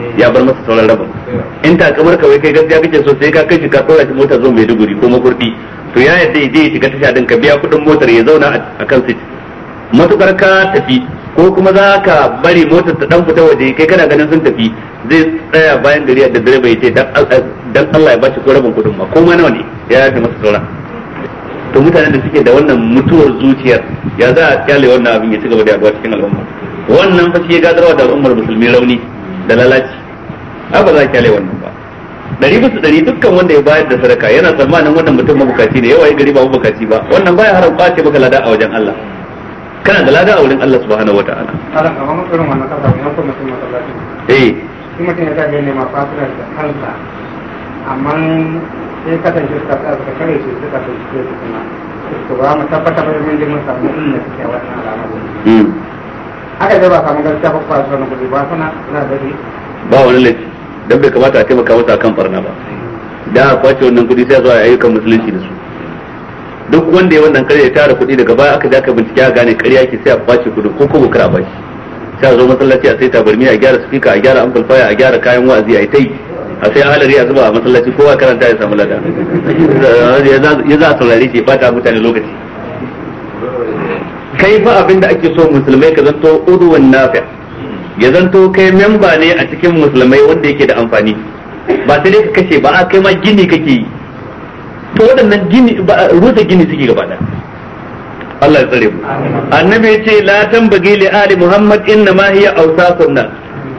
eh. ya bar masa sauran rabin eh. in ta kamar kawai kai gaskiya kake so sai ka kai shi ka tsora shi mota zuwa Maiduguri ko makurdi to ya yadda ya je ya shiga tasha din ka biya kuɗin motar ya zauna a kan sit matukar ka tafi ko kuma za ka bari motar ta dan fita waje kai kana ganin sun tafi zai tsaya bayan gari da direba ya ce dan Allah ya ba shi ko rabin kuɗin ma ko ma nawa ne ya yafe masa sauran to mutanen da suke da wannan mutuwar zuciyar ya za a kyale wannan abin ya ci gaba da yaduwa cikin al'umma wannan fa shi ya gadarwa da al'ummar musulmi rauni da lalaci a ba za a kyale wannan ba dari bisa dari dukkan wanda ya bayar da sadaka yana tsammanin wannan mutum mabukaci ne yawa ya gari ba mabukaci ba wannan baya haram kwace maka lada a wajen Allah kana da lada a wurin Allah subhanahu wataala haram a wannan wannan eh mutum ya ga ne ma fatura da kansa amma sai kasance suka suka kare su suka fice su kuma to ba mu tabbata ba mun je mun samu inda suke wannan al'amarin hmm. aka dai ba samu gaskiya ba kwa sanin kudi ba sana na dare ba wani laifi dan bai kamata a taimaka masa kan farna ba da a kwace wannan kudi sai zuwa ayyukan musulunci da su duk wanda ya wannan karya tara kudi daga baya aka ja ka bincike a gane karya ke sai a kwace kudi ko kuma kara a bashi sai a zo masallaci a sai tabarmi a gyara sufika a gyara amfalfaya a gyara kayan wa'azi a yi ta yi a sai halari a zuba a masallaci kowa karanta ya samu lada ya za a saurari ke bata mutane lokaci kai fa abin da ake so musulmai ka zanto uduwan nafi ya zanto kai memba ne a cikin musulmai wanda yake da amfani ba sai ka kashe ba a kai ma gini kake yi to waɗannan gini rusa gini suke gaba da Allah ya tsare mu annabi ya ce la tambagi li ali muhammad inna ma hiya awsaqun nas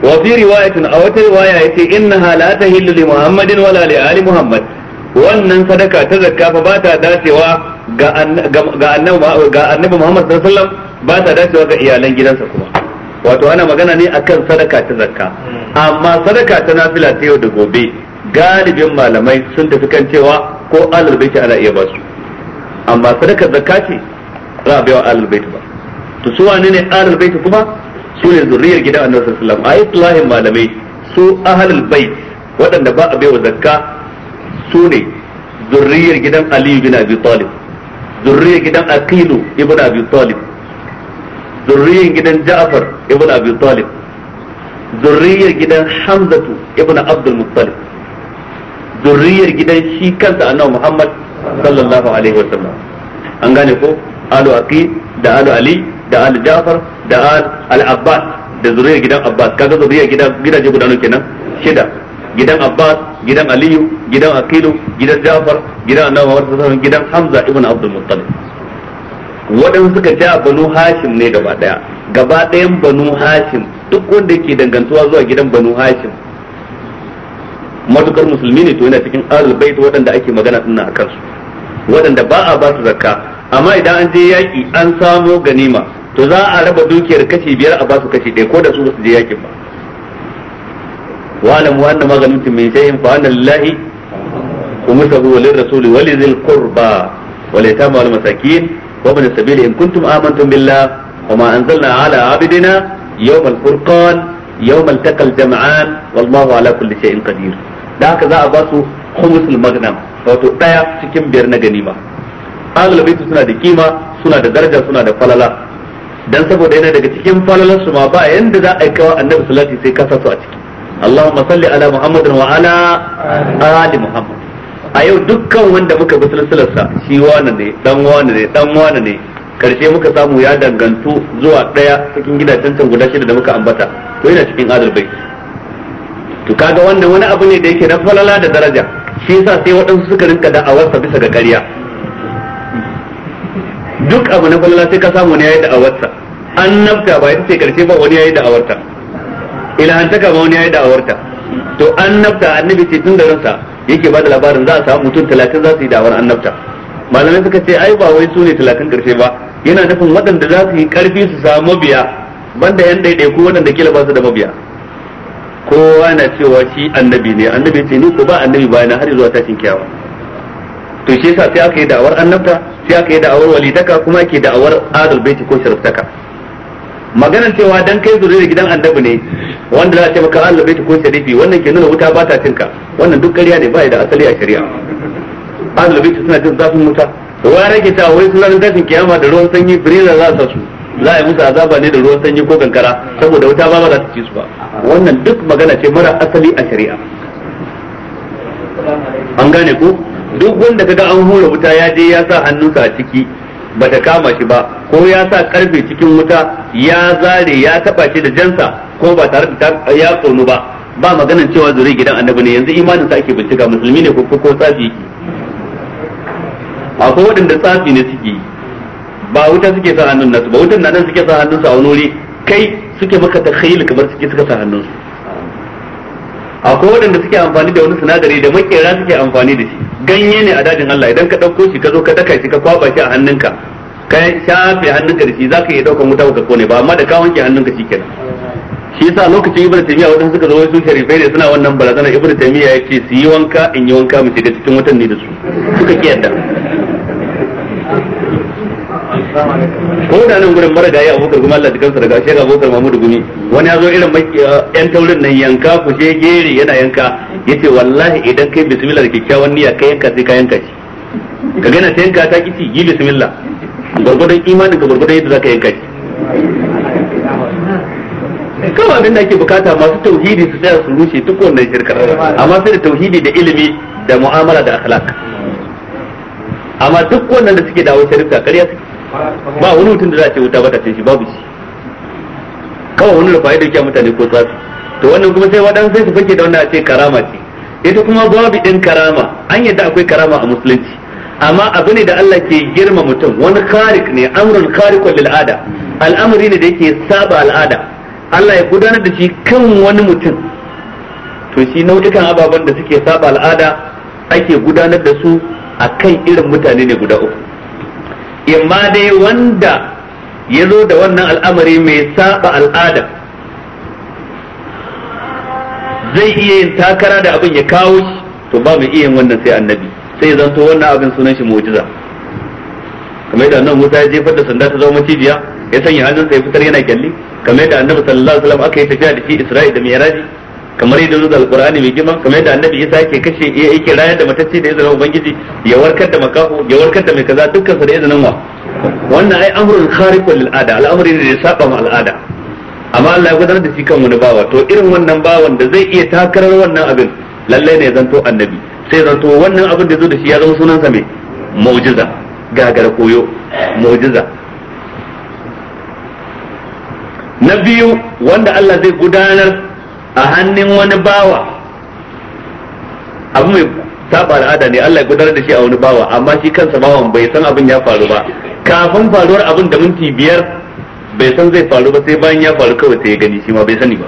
wa fi riwayatin a wata riwaya yace innaha la tahillu li muhammadin wala li ali muhammad wannan sadaka ta zakka fa ba ta dacewa ga annabi muhammad sallallahu alaihi wasallam ba ta dacewa ga iyalan gidansa kuma wato ana magana ne akan sadaka ta zakka amma sadaka ta nafila ta yau da gobe galibin malamai sun tafi kan cewa ko alal baiti ana iya basu amma sadaka zakka ce za a baiwa alal baiti ba to su wane ne alal baiti kuma su ne zuriyar gidan annabi sallallahu alaihi wasallam ayi malamai su ahlul bait waɗanda ba a baiwa zakka su ne zurriyar gidan Ali bin Abi Talib zuriyar gidan Aqilu ibn Abi Talib zuriyar gidan Ja'far ibn Abi Talib zuriyar gidan Hamzatu ibn Abdul Muttalib zuriyar gidan shi kansa annabi Muhammad sallallahu alaihi wasallam an gane ko alu aqil da alu ali da al Ja'far da al Abbas da zuriyar gidan Abbas kaga zuriyar gidan gidaje guda nawa kenan shida gidan Abbas gidan Aliyu gidan Aqilu gidan Ja'far gidan Annabi Muhammad sallallahu gidan Hamza ibn Abdul Muttalib waɗanda suka ja banu Hashim ne gaba daya gaba dayan banu Hashim duk wanda yake dangantuwa zuwa gidan banu Hashim matukar musulmi ne to yana cikin ahlul bait waɗanda ake magana din a kansu waɗanda ba a ba su zakka amma idan an je yaƙi an samo ganima to za a raba dukiyar kashi biyar a basu kashi ɗaya ko da su basu je yakin ba wa'lamu anna ma ghanimtum min shay'in fa anna lillahi khumsahu wa lirrasuli wa lidhil qurba wa litama wal masakin wa ibn sabil in kuntum amantum billah wa ma anzalna ala abidina yawm al furqan yawm al taqal jam'an wallahu ala kulli shay'in qadir da haka za a basu khumsul maghnam wato daya cikin biyar na ganima ahlul bait suna da kima suna da daraja suna da falala dan saboda yana daga cikin falalar su ma ba yanda za a yi kawo annabi salati sai kasa su a ciki Allahumma salli ala Muhammadin wa ala ali Muhammad a yau dukkan wanda muka bi sa shi wani ne dan wani ne dan wani ne karshe muka samu ya dangantu zuwa daya cikin gidajen can guda shida da muka ambata to yana cikin adal bai to kaga wannan wani abu ne da yake na falala da daraja shi yasa sai waɗansu suka rinka da'awarsa bisa ga ƙarya duk abu na falala sai ka samu ne yayi an annabta ba ita ce karshe ba wani yayi da'awarta ilahantaka ba wani yayi da'awarta to annabta annabi ce tun da ransa yake ba da labarin za a samu mutum talatin za su yi da'awar annabta malamai suka ce ai ba wai su ne talatin karshe ba yana nufin waɗanda za su yi ƙarfi su samu mabiya banda yan ko waɗanda kila ba su da mabiya kowa na cewa shi annabi ne annabi ce ni ko ba annabi bayana har zuwa tashin kiyawa to shi yasa sai aka yi da'awar annabta sai aka yi da'awar walitaka kuma ake da'awar adal baiti ko sharaftaka maganar cewa dan kai da gidan annabi ne wanda za a ce maka adal baiti ko sharifi wannan ke nuna wuta ba ta cinka wannan duk ƙarya ne ba da asali a shari'a adal baiti suna jin zafin wuta wa rage ta wai suna nan tashin kiyama da ruwan sanyi firira za su su za a yi musu azaba ne da ruwan sanyi ko kankara saboda wuta ba ba za ta ci su ba wannan duk magana ce mara asali a shari'a an gane ko duk wanda kaga an hura wuta ya je ya sa hannunsa a ciki bata kama shi ba ko ya sa karfe cikin wuta ya zare ya taba shi da jansa ko ba tare da ya tsonu ba ba maganan cewa zuri gidan annabi ne yanzu imanin sa ake bincika musulmi ne ko ko tsafi yake akwai waɗanda tsafi ne suke yi ba wuta suke sa hannun nasu ba wutan nan suke sa hannunsu a wani wuri kai suke maka takhayyul kamar suke suka sa hannun akwai waɗanda suke amfani da wani sinadari da makera suke amfani da shi ganye ne a dajin Allah idan ka ɗauko shi ka zo ka daka shi ka kwaba shi a hannunka ka shafe hannunka da shi zaka iya daukan wuta ka kone ba amma da ka wanke hannunka kenan shi yasa lokacin ibnu taymiya wadanda suka zo wasu sharifai ne suna wannan barazana ibnu taymiya yake su yi wanka in yi wanka mu shiga cikin watan ne da su suka kiyarda ko da nan gurin mara gaya abokar gumi Allah dukansa daga shega abokar Mahmud Gumi wani ya zo irin yan taurin nan yanka je gere yana yanka yace wallahi idan kai bismillah da kikkiawan niyya kai yanka sai ka yanka shi ka gana ta yanka ta kici yi bismillah gurgurdan imanin ka gurgurdan yadda zaka yanka shi kawai abin da ake bukata masu tauhidi su tsaya su rushe duk wannan shirkar amma sai da tauhidi da ilimi da mu'amala da akhlaq amma duk wannan da suke dawo shirka kariya. suke ba wani mutum da za a ce wuta ba ta ce shi babu shi kawai wani rufa da yake mutane ko su to wannan kuma sai waɗansu sai su fake da wannan a ce karama ce ita kuma babu ɗin karama an yadda akwai karama a musulunci amma abu ne da Allah ke girma mutum wani kharik ne amrun kharikun lil'ada al'amari ne da yake saba al'ada Allah ya gudanar da shi kan wani mutum to shi nau'ikan ababen da suke saba al'ada ake gudanar da su a kan irin mutane ne guda uku imma dai wanda ya zo da wannan al'amari mai saba al'ada zai iya yin takara da abin ya kawo shi to ba mu iya yin wannan sai annabi sai ya zanto wannan abin sunan shi mu'jiza kamar yadda annabi Musa ya je da sanda ta zama macijiya ya sanya hannunsa ya fitar yana kyalli kamar yadda annabi sallallahu alaihi wasallam aka yi tafiya da shi Isra'i da Mi'raj kamar yadda zuwa alkur'ani mai girma kamar yadda annabi isa yake kashe ya yake rayar da matacce da izinin ubangiji ya warkar da makaho ya warkar da mai kaza dukkan sa da izinin wa wannan ai amrun khariqul lil ada al'amari ne da ya saba ma al'ada amma Allah ya gudanar da shi kan wani bawa to irin wannan bawan da zai iya takarar wannan abin lalle ne zanto annabi sai zanto wannan abin da zo da shi ya zama sa mai mu'jiza gagara koyo mu'jiza na biyu wanda Allah zai gudanar a hannun wani bawa abu mai saba al'ada ne Allah ya gudanar da shi a wani bawa amma shi kansa bawan bai san abin ya faru ba kafin faruwar abin da minti biyar bai san zai faru ba sai bayan ya faru kawai sai ya gani shi ma bai sani ba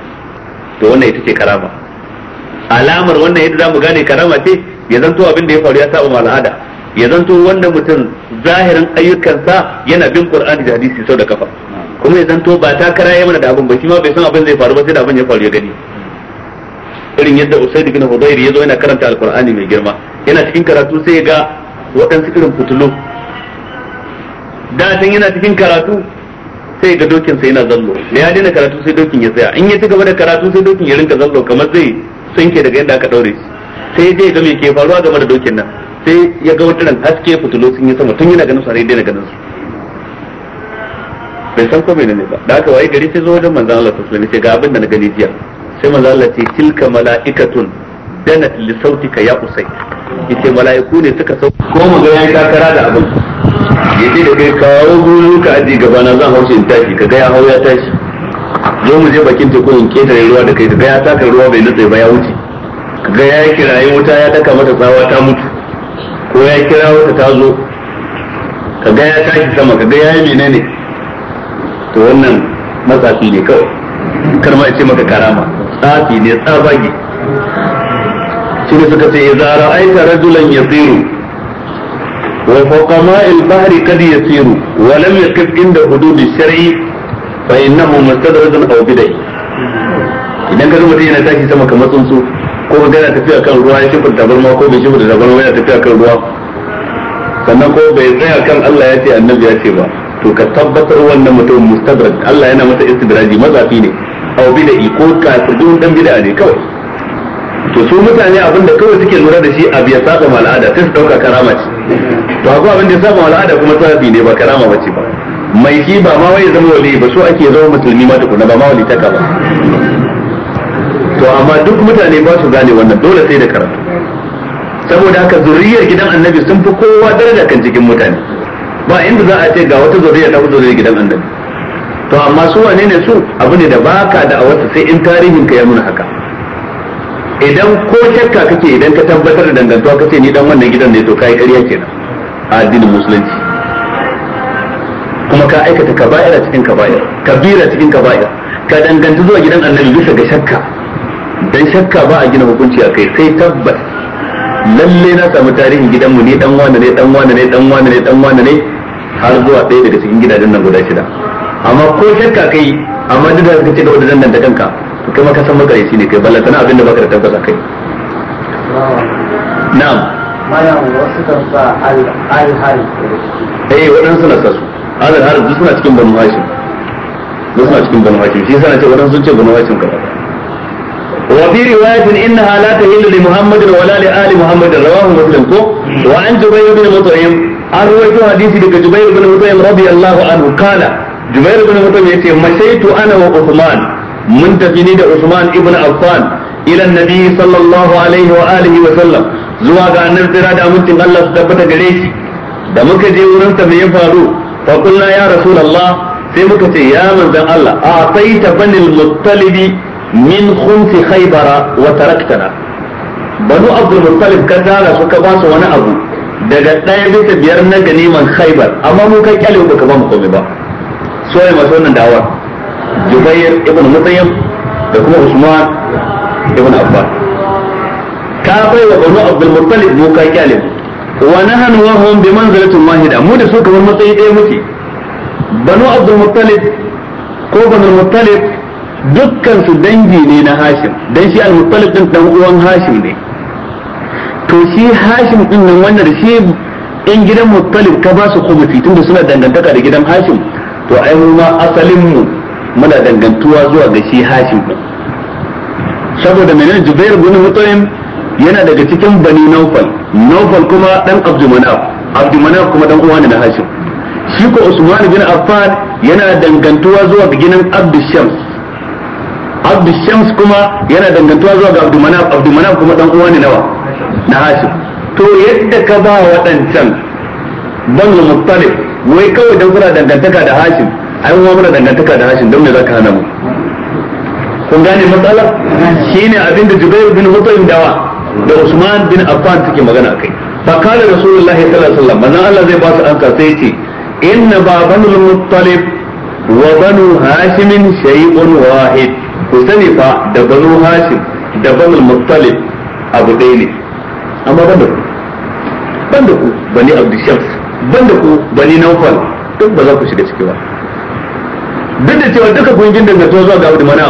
to wannan ita ce karama alamar wannan yadda zamu gane karama ce ya zanto abin da ya faru ya saba al'ada ya zanto wanda mutum zahirin ayyukansa yana bin qur'ani da hadisi sau da kafa kuma ya zanto ba takara ya mana da abin ba shi ma bai san abin zai faru ba sai da abin ya faru ya gani irin yadda usaid bin hudayr yazo yana karanta alqur'ani mai girma yana cikin karatu sai ga waɗansu irin fitulu da tun yana cikin karatu sai ga dokin sai yana zallo da ya daina karatu sai dokin ya tsaya in ya ci gaba da karatu sai dokin ya rinka zallo kamar zai sunke daga yadda aka daure sai dai ga me ke faruwa game da dokin nan sai ya ga wadannan haske fitulu sun yi sama tun yana ganin su har daina ganin su bai san ko menene ba da aka waye gari sai zo wajen manzon Allah sallallahu alaihi wasallam sai ga abin da na gani jiya sai manzo Allah ce tilka mala'ikatun danat li sautika ya usai yace mala'iku ne suka sau ko mu ya takara da abin yace da kai kawo gulu ka aji gaba na zan in tashi ka ga ya hau ya tashi zo mu je bakin teku in ketare ruwa da kai ga ya taka ruwa bai nutse ba ya wuce ka ga ya kirayi wuta ya taka mata tsawa ta mutu ko ya kira wata ta zo ka ga ya tashi sama ka ga ya yi menene to wannan matsafi ne kawai kar ma ce maka karama tsafi ne tsabage shine suka ce idza ra'aita rajulan yasiru wa fawqa ma'il bahri kad yasiru wa lam yaqif inda hududi shar'i fa innahu mustadrajun aw bidai idan ka mutum yana tashi sama kamar tsuntsu ko ka yana tafiya kan ruwa ya shifar tabarma ko bai shifar tabarma yana tafiya kan ruwa sannan ko bai tsaya kan Allah ya ce annabi ya ce ba to ka tabbatar wannan mutum mustadraj Allah yana masa istidraji mazafi ne aw bid'i ko kafir duk dan bid'a ne kawai to su mutane abinda kawai suke lura da shi abu ya saba ma al'ada sai su dauka karama ce to akwai abin da ya saba ma al'ada kuma tsafi ne ba karama bace ba mai shi ba ma wai zama wali ba so ake zama musulmi ma tukuna ba ma wali taka ba to amma duk mutane ba su gane wannan dole sai da karatu saboda haka zuriyar gidan annabi sun fi kowa daraja kan cikin mutane ba inda za a ce ga wata zuriya ta zuriyar gidan annabi to amma su wane ne su abu ne da baka da awata sai in tarihin ka ya nuna haka idan ko shakka kake idan ka tabbatar da dangantuwa kace ni dan wannan gidan ne to kai ƙarya kenan a addinin musulunci kuma ka aikata kaba'ira cikin kaba'ira kabira cikin kaba'ira ka danganci zuwa gidan annabi bisa ga shakka dan shakka ba a gina hukunci a kai sai tabbas lalle na samu tarihin gidanmu ne dan wani ne dan wani ne dan wani ne dan wani ne har zuwa ɗaya daga cikin gidajen nan guda shida amma ko shakka kai amma duk da ka ce da gaba da danganta kanka to kai ma ka san makarici ne kai balla sana abin da baka da tabbas a kai na'am mayan wasu kan sa alhari eh wadannan na sa su alhari duk suna cikin banu hashim duk suna cikin banu hashim shi yasa na ce waɗansu ce banu hashim kamar وفي رواية إنها لا تهل لمحمد ولا لآل محمد رواه مسلم وعن جبير بن مطعم عن رواية لك جبير بن مطعم رضي الله عنه قال jubair ibn mutum ce, mashaitu ana wa usman mun tafi ni da usman ibn affan ila Nabi sallallahu alaihi wa alihi wa sallam zuwa ga annabi tsira da mutum Allah su tabbata gare shi da muka je wurin sa me ya faru fa kullu ya rasulullah sai muka ce ya manzon Allah a taita banil muttalibi min khumsi khaybara wa taraktana banu abdul muttalib ka tara su ka ba wani abu daga ɗaya bisa biyar na ganiman khaybar amma mu kai kyale ba ka ba mu komai ba su masu wannan dawar jubair ibn mutayyib da kuma usman ibn affan ka bai wa banu abdul muttalib mu ka kyale wa nahnu wa hum bi manzilatin wahida mu da su kamar matsayi ɗaya muke banu abdul muttalib ko banu muttalib dukkan su dangi ne na hashim dan shi al-muttalib din dan uwan hashim ne to shi hashim din nan wannan shi in gidan muttalib ka ba su kubuti tunda suna dangantaka da gidan hashim to ai mu ma asalin mu muna dangantuwa zuwa ga shi hashim din saboda menene Jubair ibn Mutaim yana daga cikin Bani Naufal Naufal kuma dan Abdul Manaf Abdul Manaf kuma dan uwa ne na Hashim shi ko Usman bin Affan yana dangantuwa zuwa ga ginin Abdul Shams Abdul Shams kuma yana dangantuwa zuwa ga Abdul Manaf Abdul Manaf kuma dan uwa ne nawa na Hashim to yadda ka ba waɗancan Banu Muttalib wai kawai don kuna dangantaka da hashim ai mu muna dangantaka da hashim don me zaka hana mu kun gane matsala shine abin da Jubair bin Hutayim dawa da Usman bin Affan suke magana kai. fa kana Rasulullahi sallallahu alaihi wasallam manzon Allah zai ba su anka sai ce inna babanul muttalib wa banu hashim shay'un wahid ku sani fa da banu hashim da banu muttalib abu ɗaya ne amma ban da ku ban da ku bani abdu shams banda ku bani naufal duk ba za ku shiga ciki ba duk da cewa duka kun yi dangantuwa zuwa ga mana.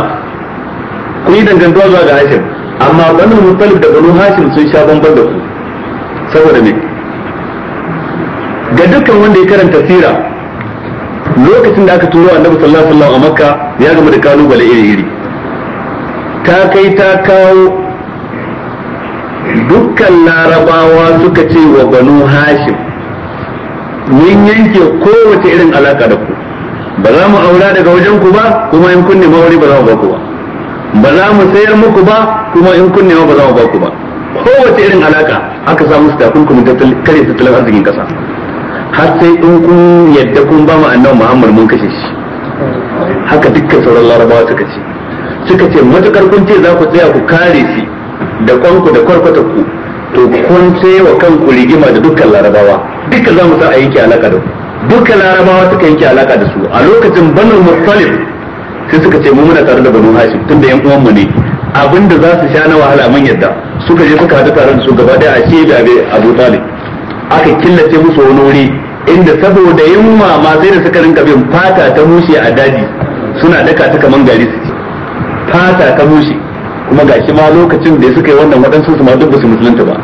Ku yi dangantuwa zuwa ga hashim amma banu mutalib da banu hashim sun sha bamban da ku saboda me ga dukkan wanda ya karanta sira lokacin da aka turo annabi sallallahu alaihi wasallam a makka ya gama da kalubale iri iri ta kai ta kawo dukkan larabawa suka ce wa banu hashim mun yanke kowace irin alaka da ku ba za mu aura daga wajen ku ba kuma in kunne mauri ba za mu ba ku ba ba za mu sayar muku ba kuma in kunne ma ba za mu ba ku ba kowace irin alaka aka sa musu takunkumin kare tattalin arzikin kasa har sai in kun yadda kun ba mu annabi Muhammad mun kashe shi haka dukkan sauran larabawa suka ce suka ce matukar kun ce za ku tsaya ku kare shi da kwanku da kwarkwata ku to kun sai wa kanku rigima da dukkan larabawa dukkan za mu sa a yanke alaka da duka larabawa suka yanke alaka da su a lokacin banu muttalib sai suka ce mu muna tare da banu hashim tun da yan uwan mu ne abinda za su sha na wahala mun yadda suka je suka haɗu tare da su gaba da a ce da abu talib aka killace musu wani wuri inda saboda yunwa ma sai da suka rinka bin fata ta mushe a daji suna daka ta kaman gari su fata ta mushe kuma ga shi ma lokacin da suka yi wannan waɗansu su ma duk ba su musulunta ba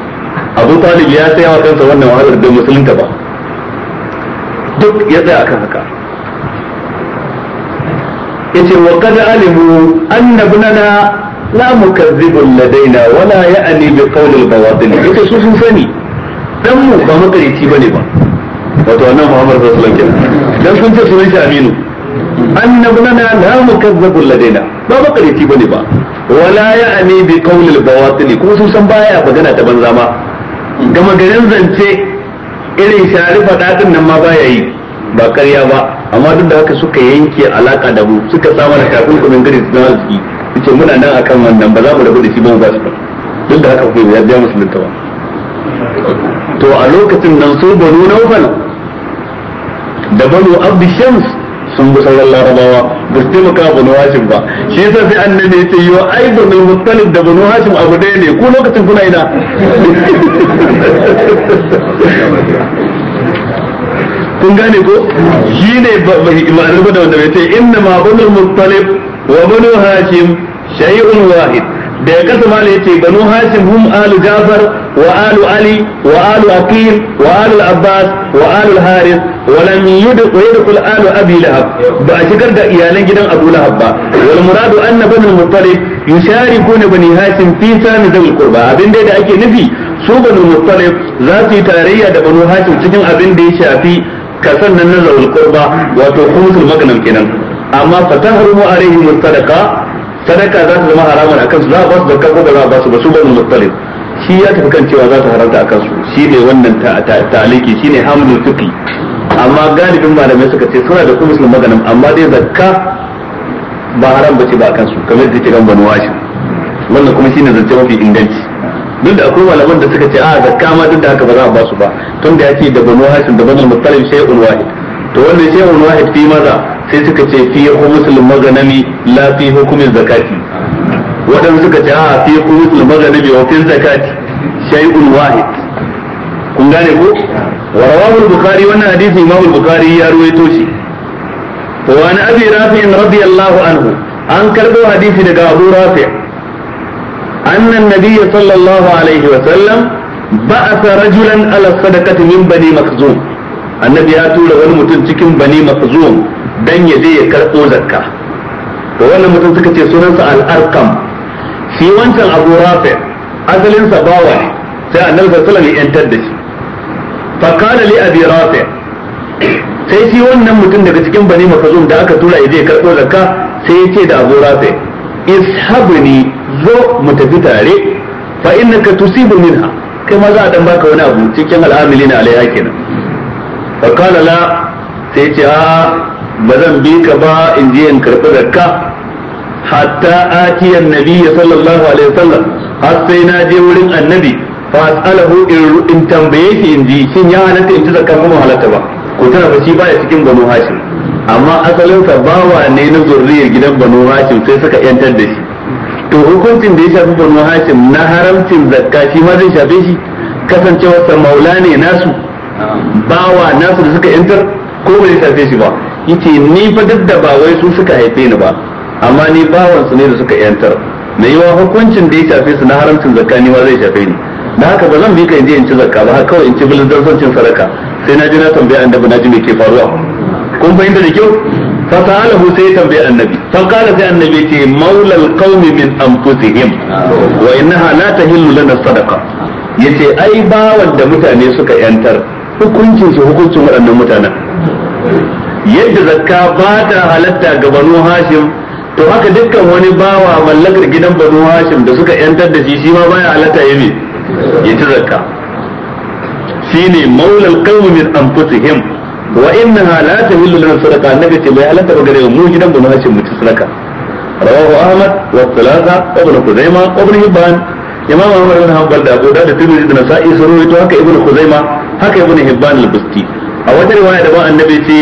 abu talib ya saya wa kansa wannan wahalar da musulunta ba duk ya tsaya akan haka yace wa qad alimu anna ibnana la mukazzibul ladaina ya ya'ni bi qawli al-bawatin yace su sun sani dan mu ba makarici bane ba wato annabi Muhammad sallallahu alaihi wasallam dan sun ce sunan shi Aminu anna ibnana la mukazzibul ladaina ba makarici bane ba wala ya ani bi qawlil bawatini kuma su san baya magana ta banza ma gama garin zance irin shari fada din nan ma baya yi ba ƙarya ba amma duk da haka suka yanke alaka da mu suka samu da kafin kuma gari na arziki yace muna nan akan wannan ba za mu rabu da shi ba mu ba su duk da haka kuma ya biya musulunta ba to a lokacin nan su banu nawfal da banu abdishams sun bi sauran larabawa ba su taimaka banu hashim ba shi yasa sai annabi ya ce yo ai banu da banu hashim abu ɗaya ne ko lokacin kuna ina kun gane ko shi ne ma'anar da wanda bai ce inna ma banu mutalib wa banu hashim shay'un wahid da ya kasa mala ce banu hashim hum alu jafar wa alu ali wa alu aqil wa alu abbas wa alu haris wa lam yudkhul alu abi lahab ba a shigar da iyalan gidan abu lahab ba wal muradu anna banu muttalib yusharikuna bani hashim fi sami zawil qurba abin da ake nufi su banu muttalib za su yi tarayya da banu hashim cikin abin da ya shafi kasan nan na zawil qurba wato khumsul magnam kenan amma fatahrumu alaihim sadaqa sadaka za su zama haramun a kansu za a ba su zakka ko ba za a ba su ba su banu muttalib shi ya tafi kan cewa za ta haramta a kansu shi ne wannan ta'aliki shi ne hamdul fiqi amma galibin malamai suka ce suna da kuma maganin amma dai zakka ba haram bace ba a kansu kamar da take kan banu washin wannan kuma shi ne zance mafi inganci duk da akwai malaman da suka ce a ah, zakka ma duk da haka ba za a ba su ba tunda ya ce da banu hashin da banu mutalib shay'un wahid to wanda ce wani wahid fi maza sai suka ce fi musulun maganami la fi hukumin zakati wadanda suka ce a fi musulun maganami wa fi zakati shay'un wahid kun gane ko wa rawahu bukhari wannan hadisi imam bukhari ya ruwaito shi wa an abi rafi' radiyallahu anhu an karbo hadisi daga abu rafi' anna an-nabiy sallallahu alaihi wa sallam ba'atha rajulan ala sadaqati min bani makhzum annabi ya tura wani mutum cikin bani makhzum dan ya je ya karɓo zakka to wannan mutum suka ce sunansa al-arqam shi wancan abu rafi asalin sa bawa ne sai annabi sallallahu alaihi wasallam ya yantar da shi fa kana li abi rafi sai shi wannan mutum daga cikin bani makhzum da aka tura ya je ya karɓo zakka sai ya ce da abu rafi ishabni zo mu tafi tare fa innaka tusibu minha kai ma za a dan baka wani abu cikin al'amilina alaiha kenan fa qala la sai ce ba zan bi ka ba in je in karbi zakka hatta atiya annabi sallallahu alaihi wasallam har sai na je wurin annabi fa as'alahu in tambaye shi in ji shin ya halatta in ci zakka ko halatta ba ko tana ba shi cikin banu hashim amma asalinsa bawa ne na zurriyar gidan banu hashim sai suka yantar da shi to hukuncin da ya shafi banu hashim na haramcin zakka shi ma zai shafe shi kasancewarsa maula ne nasu bawa nasu da suka yantar ko bai tafe shi ba yace ni fa duk da ba wai su suka haife ni ba amma ni bawan su ne da suka yantar me yawa hukuncin da ya shafe su na haramcin zakka ni ma zai shafe ni da haka ba zan bi ka inje in ci zakka ba kawai in ci bilzarzancin sadaka sai na ji na tambaya annabi na ji me ke faruwa kun fahimta da kyau fasalahu sai tambayi annabi faqala sai annabi ce maulal qaumi min anfusihim wa innaha la tahillu lana sadaqa yace ai bawan da mutane suka yantar hukuncin shi hukuncin waɗannan mutanen yadda zakka ba ta halatta ga banu hashim to haka dukkan wani bawa mallakar gidan banu hashim da suka yantar da shi shi ma baya halatta ya me ya ci zakka shine maulal qawmi min anfusihim wa innaha la tahillu lana sadaqa annabi ce bai halatta ba gare mu gidan banu hashim mu ci sadaka rawahu ahmad wa thalatha wa ibn khuzaimah ibn hibban imam ahmad ibn hanbal da abu da tirmidhi da nasa'i sun rawaito haka ibn khuzaimah haka ibn hibban al-busti a wata riwaya da ba annabi ce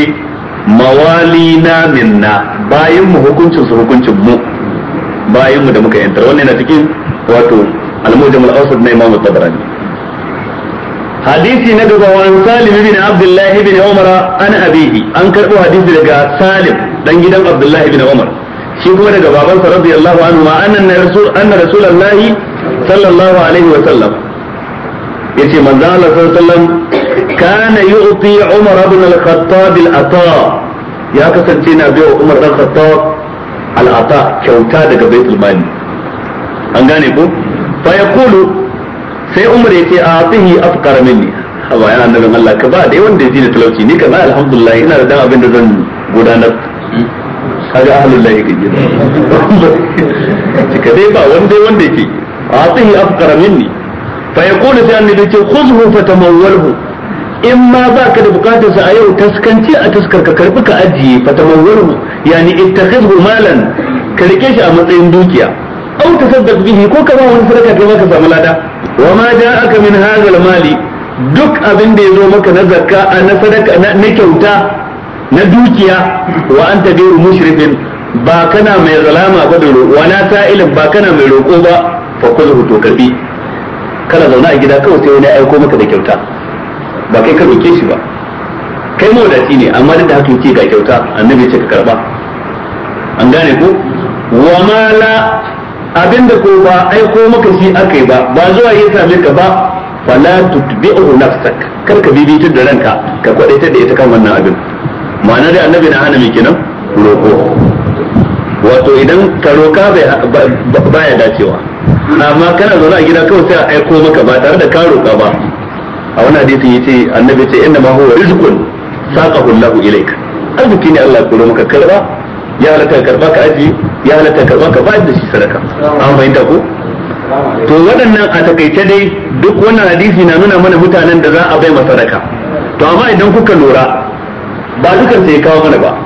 mawalina minna bayan mu hukuncin su hukuncin mu bayan mu da muka yantar wannan yana cikin wato al-mujam al-awsat na imam tabarani hadisi na gaba wa salim ibn abdullah ibn umar an abihi an karbo hadisi daga salim dan gidan abdullah ibn umar shi kuma daga babansa radiyallahu anhu ma anna rasul anna rasulullahi sallallahu alaihi wa sallam yace manzo Allah sallallahu kana yu'ti Umar ibn al-Khattab al-ata ya kasance na biyo Umar ibn al-Khattab al-ata kyauta daga baitul mali an gane ko fa yaqulu sai Umar yace atihi afqar minni hawa ya annabi Allah ka ba dai wanda ya da talauci ni kana alhamdulillah ina da dan abin da zan gudanar kaga ahlul lahi kake ka dai ba wanda wanda yake atihi afqar minni fa yaqulu sai annabi ce khuzhu fatamawwalhu in ma ba ka da bukatar sa a yau taskance a taskar ka karbi ka ajiye fatamawwalhu yani ittakhidhu malam ka rike shi a matsayin dukiya aw tasaddaq bihi ko ka ba wani sadaka kai ma ka samu lada wa ma ja'aka min hadha mali duk abinda ya zo maka na zakka na sadaka na kyauta na dukiya wa anta gairu mushrifin ba kana mai zalama ba da roƙo wa na sa'ilin ba kana mai roƙo ba fa kullu to karbi kana zaune a gida kawai sai wani ya aiko maka da kyauta ba kai ka roke shi ba kai mawadaci ne amma duk da haka yake ga kyauta annabi ce ka karba an gane ko wa mala abinda ko ba aiko maka shi akai ba ba zuwa ya same ka ba fala tutbi'u nafsak kar ka bibitar da ranka ka kwadaitar da ita kan wannan abin ma'ana dai annabi na hana mai kenan roko wato idan ka roka baya dacewa amma kana zaune a gida kawai sai a aiko maka ba tare da ka roƙa ba a wani hadisi yace annabi ce inna ma huwa rizqun saqahu Allahu ilayka arziki ne Allah ya koro maka karba ya halatta karba ka aji ya halatta karba ka ba da shi sadaka an fahimta ko to waɗannan a takaice dai duk wannan hadisi na nuna mana mutanen da za a bai masa sadaka to amma idan kuka lura ba dukan sai ya kawo mana ba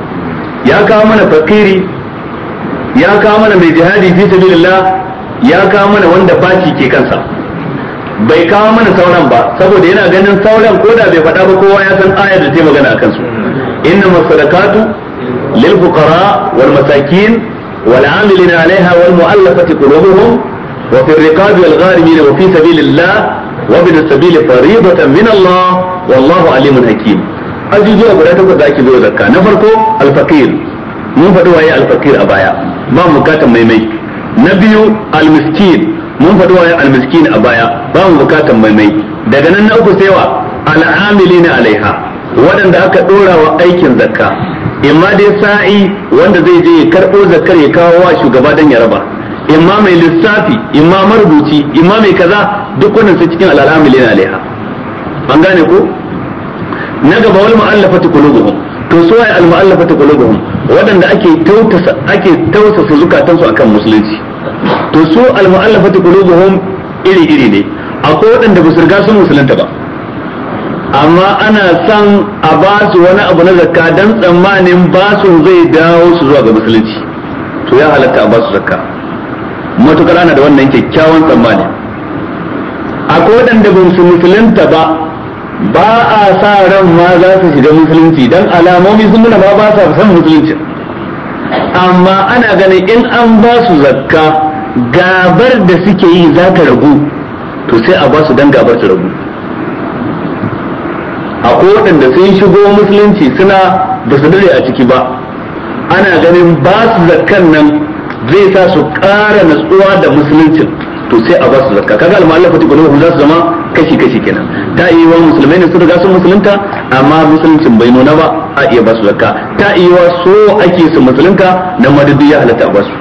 ya kawo mana fakiri ya kawo mana mai jihadi fi sabilillah ya kawo mana wanda Baki ke kansa bai kawo mana sauran ba saboda yana ganin sauran ko da bai faɗa ba kowa ya san ayar da ta magana a kansu inna masadakatu lil fuqara wal masakin wal amilina alaiha wal mu'allafati qulubuhum wa fi riqabi wal gharimin wa fi sabilillah wa bi sabili faridatan min Allah wallahu alimun hakim ajujuwa guda takwas da ake zo zakka na farko al faqir mun faɗi waye al faqir a baya ba mu maimai na biyu almiskin mun faɗi waye almiskin a baya ba mu bukatan maimai daga nan na uku sai wa al'amilina alaiha waɗanda aka ɗora wa aikin zakka imma dai sa'i wanda zai je ya karɓo zakkar ya kawo wa shugaba dan ya raba imma mai lissafi imma marubuci imma mai kaza duk wannan su cikin al'amilina alaiha an gane ko na gaba wal mu'allafatu qulubuhum to su waye al mu'allafatu qulubuhum waɗanda ake tausasa ake tausasa zukatansu akan musulunci to su almu'allafatu qulubuhum iri iri ne akwai waɗanda ba su riga sun musulunta ba amma ana san a ba su wani abu na zakka dan tsammanin ba su zai dawo su zuwa ga musulunci to ya halatta a ba su zakka matukar ana da wannan kyakkyawan tsammani akwai waɗanda ba su musulunta ba ba a sa ran ma za su shiga musulunci dan alamomi sun nuna ba ba sa san musulunci amma ana ganin in an ba su zakka gabar da suke yi za ta ragu to sai a ba su don gabar su ragu akwai waɗanda sun shigo musulunci suna ba su dare a ciki ba ana ganin ba su zakkan nan zai sa su ƙara natsuwa da musuluncin to sai a ba su zakka kaga almalafa kuma za su zama kashi kashi kenan ta iya wa musulmai ne su riga sun musulunta amma musuluncin bai nuna ba a iya ba su zakka ta iya wa so ake su musulunta dan madadi ya halatta ba su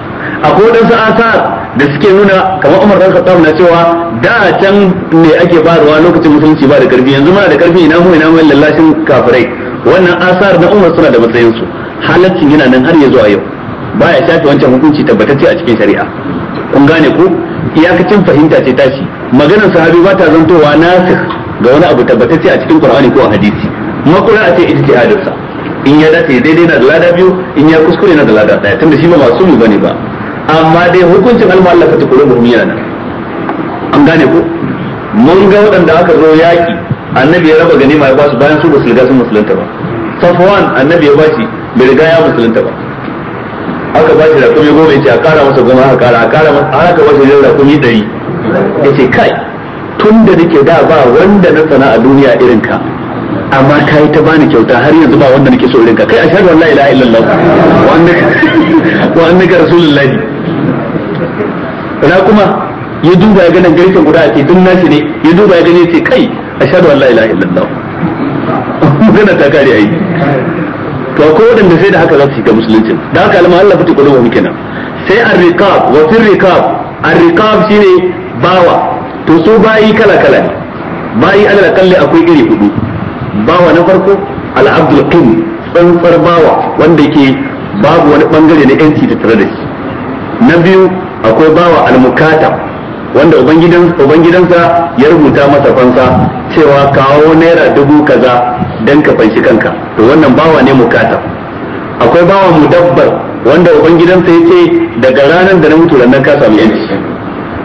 akwai wadansu asar da suke nuna kamar Umar bin Khattab na cewa da can ne ake faruwa lokacin musulunci ba da karfi yanzu muna da karfi ina mu ina mu lallashin kafirai wannan asar na Umar suna da matsayin su halaccin yana nan har ya a yau baya shafe wancan hukunci tabbatacce a cikin shari'a kun gane ku iyakacin fahimta ce tashi maganar sahabi ba ta zantowa nasir ga wani abu tabbatacce a cikin qur'ani ko hadisi makura a ce ijtihadinsa in ya dace daidai na da lada biyu in ya kuskure na da lada daya tunda shi ba masu mu bane ba amma dai hukuncin almu'allafa ta kullu muhimmiyana. an gane ko mun ga waɗanda aka zo yaki annabi ya raba ganima ya su bayan su ba su riga sun musulunta ba safwan annabi ya bashi bai riga ya musulunta ba aka ba shi rakumi goma ce a kara masa goma aka kara a kara masa aka ba shi rakumi ɗari ce kai tun da nake da ba wanda na sana a duniya irin ka amma ka yi ta bani kyauta har yanzu ba wanda nake so irin ka kai ashhadu an la ilaha illallah wa annaka wa annaka ra kuma ya duba ya ganin nan garken guda ake dun nashi ne ya duba ya gani ce kai ashhadu an la ilaha illallah magana ta kare ai to ko wadanda sai da haka za su shiga musulunci da haka alma Allah fitu kudu mu kenan sai ar-riqab wa fil riqab ar-riqab shine bawa to su bayi kala kala ne bayi alal kalli akwai iri hudu bawa na farko al-abdul qin tsantsar bawa wanda yake babu wani bangare na yanci da tare da shi na biyu akwai bawa al-mukatab wanda ubangidan ubangidansa ya rubuta masa fansa cewa kawo naira dubu kaza dan ka fanshi kanka to wannan bawa ne mukata akwai bawa mu dabbar wanda ubangidansa ya ce daga ranar da na mutu na ka samu yanci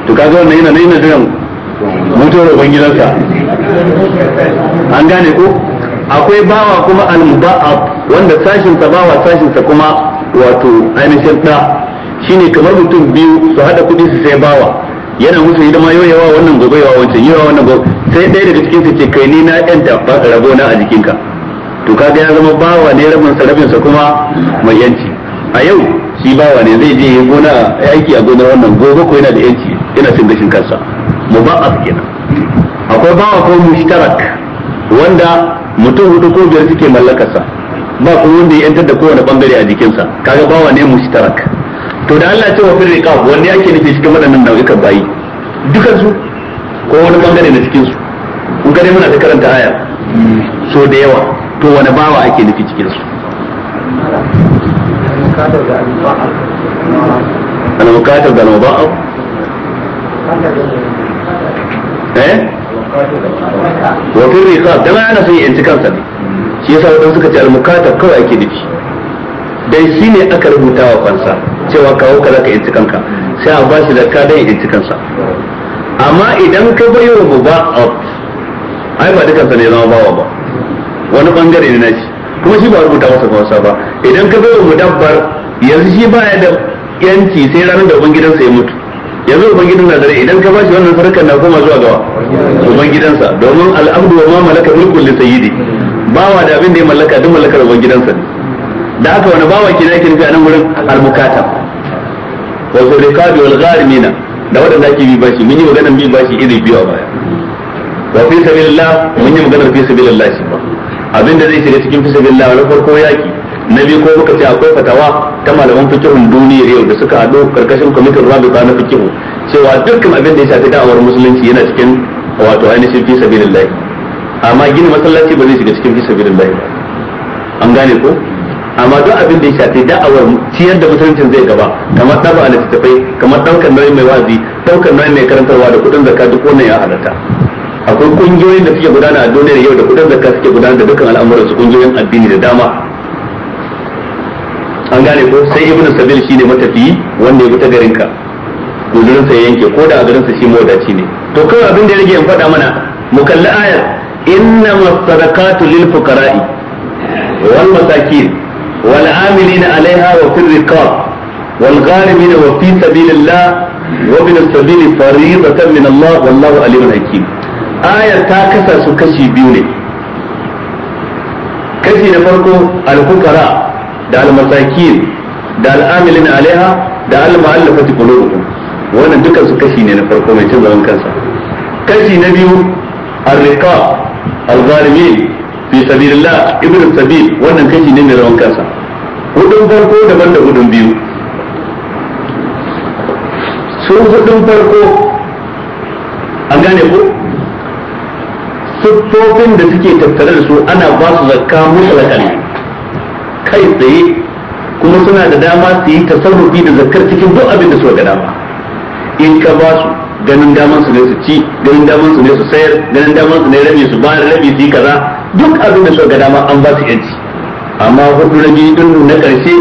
to kaga wannan yana nuna jiran da ubangidansa an gane ko akwai bawa kuma al-muba'ab wanda sashin sa bawa sashin sa kuma wato ainihin da shine kamar mutum biyu su hada kudi su sai bawa yana musu hidima ma yawa wannan gobe yawa wancan yawa wannan gobe sai ɗaya daga cikin su ce kai ni na yanta rabo na a jikinka to kaga ya zama bawa ne rabin sa rabin sa kuma mai yanci a yau shi bawa ne zai je ya gona aiki a gonar wannan gobe ko yana da yanci yana cin gashin kansa Mu a kenan akwai bawa ko mushtarak wanda mutum hudu ko biyar suke mallakarsa ba kuma wanda ya yantar da kowane bangare a jikinsa kaga bawa ne mushtarak to da Allah ce wa fil riqab wanne ake nufi cikin waɗannan nau'ikan bayi dukan su ko wani bangare na cikin su kun ga dai muna ta karanta aya so da yawa to wani bawa ake nufi cikin su ana bukatar da nawa eh wa fil riqab da ana sai yanci kansa ne shi yasa wadanda suka ce al-mukatab kawai ake nufi dai shine aka rubuta wa fansa cewa kawo ka za ka yi kanka sai a bashi da ka dai yi kansa amma idan ka bayo wa ba a ai ba dukansa ne zama bawa ba wani bangare ne na shi kuma shi ba rubuta masa fawasa ba idan ka bayo mudabbar yanzu shi baya da yanci sai ranar da ubangidansa ya mutu yanzu ubangidan na dare idan ka bashi wannan sarkar na koma zuwa gawa ubangidansa domin al'abdu wa ma malaka mulkul li sayyidi bawa da abin da ya mallaka duk mallakar ubangidansa ne da aka wani bawa kina yake nufi a nan gurin al-mukata wa zurikadu wal gharimina da wadanda ake bi bashi mun yi maganar bi bashi iri biyu a baya wa fi sabilillah mun yi maganar fi sabilillah shi ba abinda zai shiga cikin fi sabilillah na farko yaki na biyu ko muka ce akwai fatawa ta malaman fikihun duniya yau da suka hado karkashin kwamitin rabita na fikihu cewa dukkan abin da ya shafi da'awar musulunci yana cikin wato ainihin fi sabilillah amma gina masallaci ba zai shiga cikin fi sabilillah an gane ko amma duk abin da ya shafi da'awar ciyar da musuluncin zai gaba kamar tsaba a littattafai kamar daukar nauyin mai wazi daukar nauyin mai karantarwa da kudin zakka duk wannan ya halatta akwai kungiyoyin da suke gudana a duniyar yau da kudin zakka suke gudana da dukkan al'amuran su kungiyoyin addini da dama an gane ko sai ibnu sabil shine matafiyi wanda ya bi ta ka gudurin sa yanke ko da a garin sa shi mawadaci ne to kawai abin da ya rage in faɗa mana mu kalli ayar innamas sadaqatu lil fuqara'i wal masakin والعاملين عليها وفي الرقاب والغارمين وفي سبيل الله وابن السبيل فريضة من الله والله عليم حكيم آية تاكسا سكشي بيوني كشي نفرقو الفقراء دا المساكين دا العاملين عليها دا المعلفة قلوبهم wannan dukan su kashi ne na farko mai cin zaman kansa kashi na biyu arriqa al-zalimin fi sabilillah ibnu sabil wannan kashi ne mai rawan kansa hudun farko daban da hudun biyu su hudun farko an gane ko siffofin da suke tattare da su ana ba su zakka mutlakan kai tsaye kuma suna da dama su yi tasarrufi da zakkar cikin duk abin da suka ga dama in ka ba su ganin daman su ne su ci ganin daman su ne su sayar ganin daman su ne rabi su ba rabi su yi kaza duk abin da suka ga dama an ba su yanci amma hudu rabi din na karshe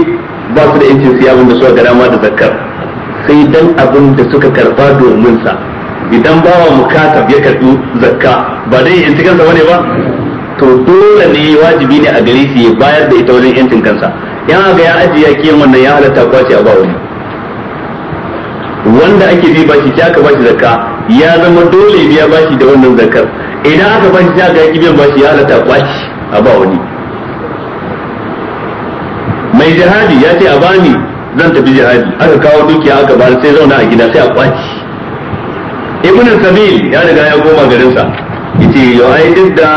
ba su da yancin siya abin da suka ga dama da zakkar sai dan abin da suka karba domin sa idan bawa mukatab ya karbi zakka ba dai yanci kansa bane ba to dole ne wajibi ne a gare shi ya bayar da ita wajen yancin kansa yana ga ya ajiye kiyan wannan ya halatta kwace a ba wani wanda ake bi bashi sai ka bashi zakka ya zama dole biya bashi da wannan zakkar idan aka bashi sai ga yake biyan bashi ya halatta kwashi a ba wani mai jihadi ya ce a bani zan tafi jihadi aka kawo dukiya aka ba sai zauna a gida sai a kwaci ibn sabil ya riga ya garin sa yace yo ai duk da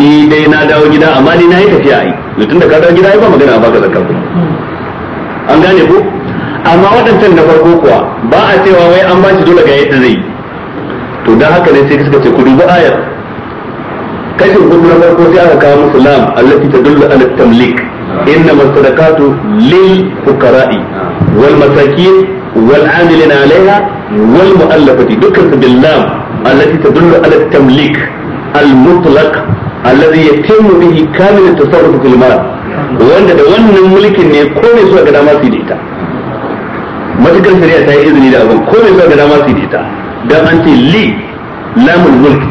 ni dai na dawo gida amma ni na yi tafiya ai to tunda ka dawo gida ai ba magana ba ka zakka an gane ko amma waɗancan na farko kuwa ba a cewa wai an bashi dole ga yadda zai to dan haka ne sai suka ce ku dubi ayar kashi hudu na farko sai aka kawo musu lam allati tadullu ala tamlik inna masadakatu lil fuqara'i wal masakin wal amilina alaiha wal mu'allafati dukkan su bil lam allati tadullu ala tamlik al mutlaq alladhi yatimmu bihi kamilu at fil mal wanda da wannan mulkin ne kome su ga dama su da ita matukar shari'a ta yi izini da abin ko mai ga dama su yi ta dan an ce li lamun mulk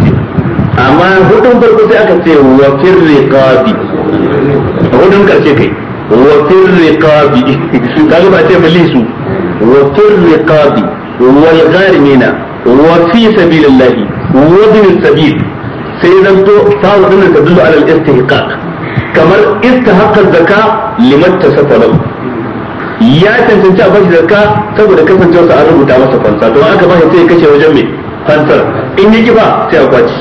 amma hudun farko sai aka ce wa fir riqabi hudun karshe kai wa fir riqabi kaga ba ce mali su wa fir riqabi wal gharimina wa fi sabilillah wa bin sabil sai zan to ta hudun da dulu alal istihqaq kamar istihaqqa zakka liman tasaffara ya cancanci a bashi zarka saboda kasancewar sa an rubuta masa fansa don aka bashi sai ya kashe wajen mai fansar in yi kifa, sai a kwaci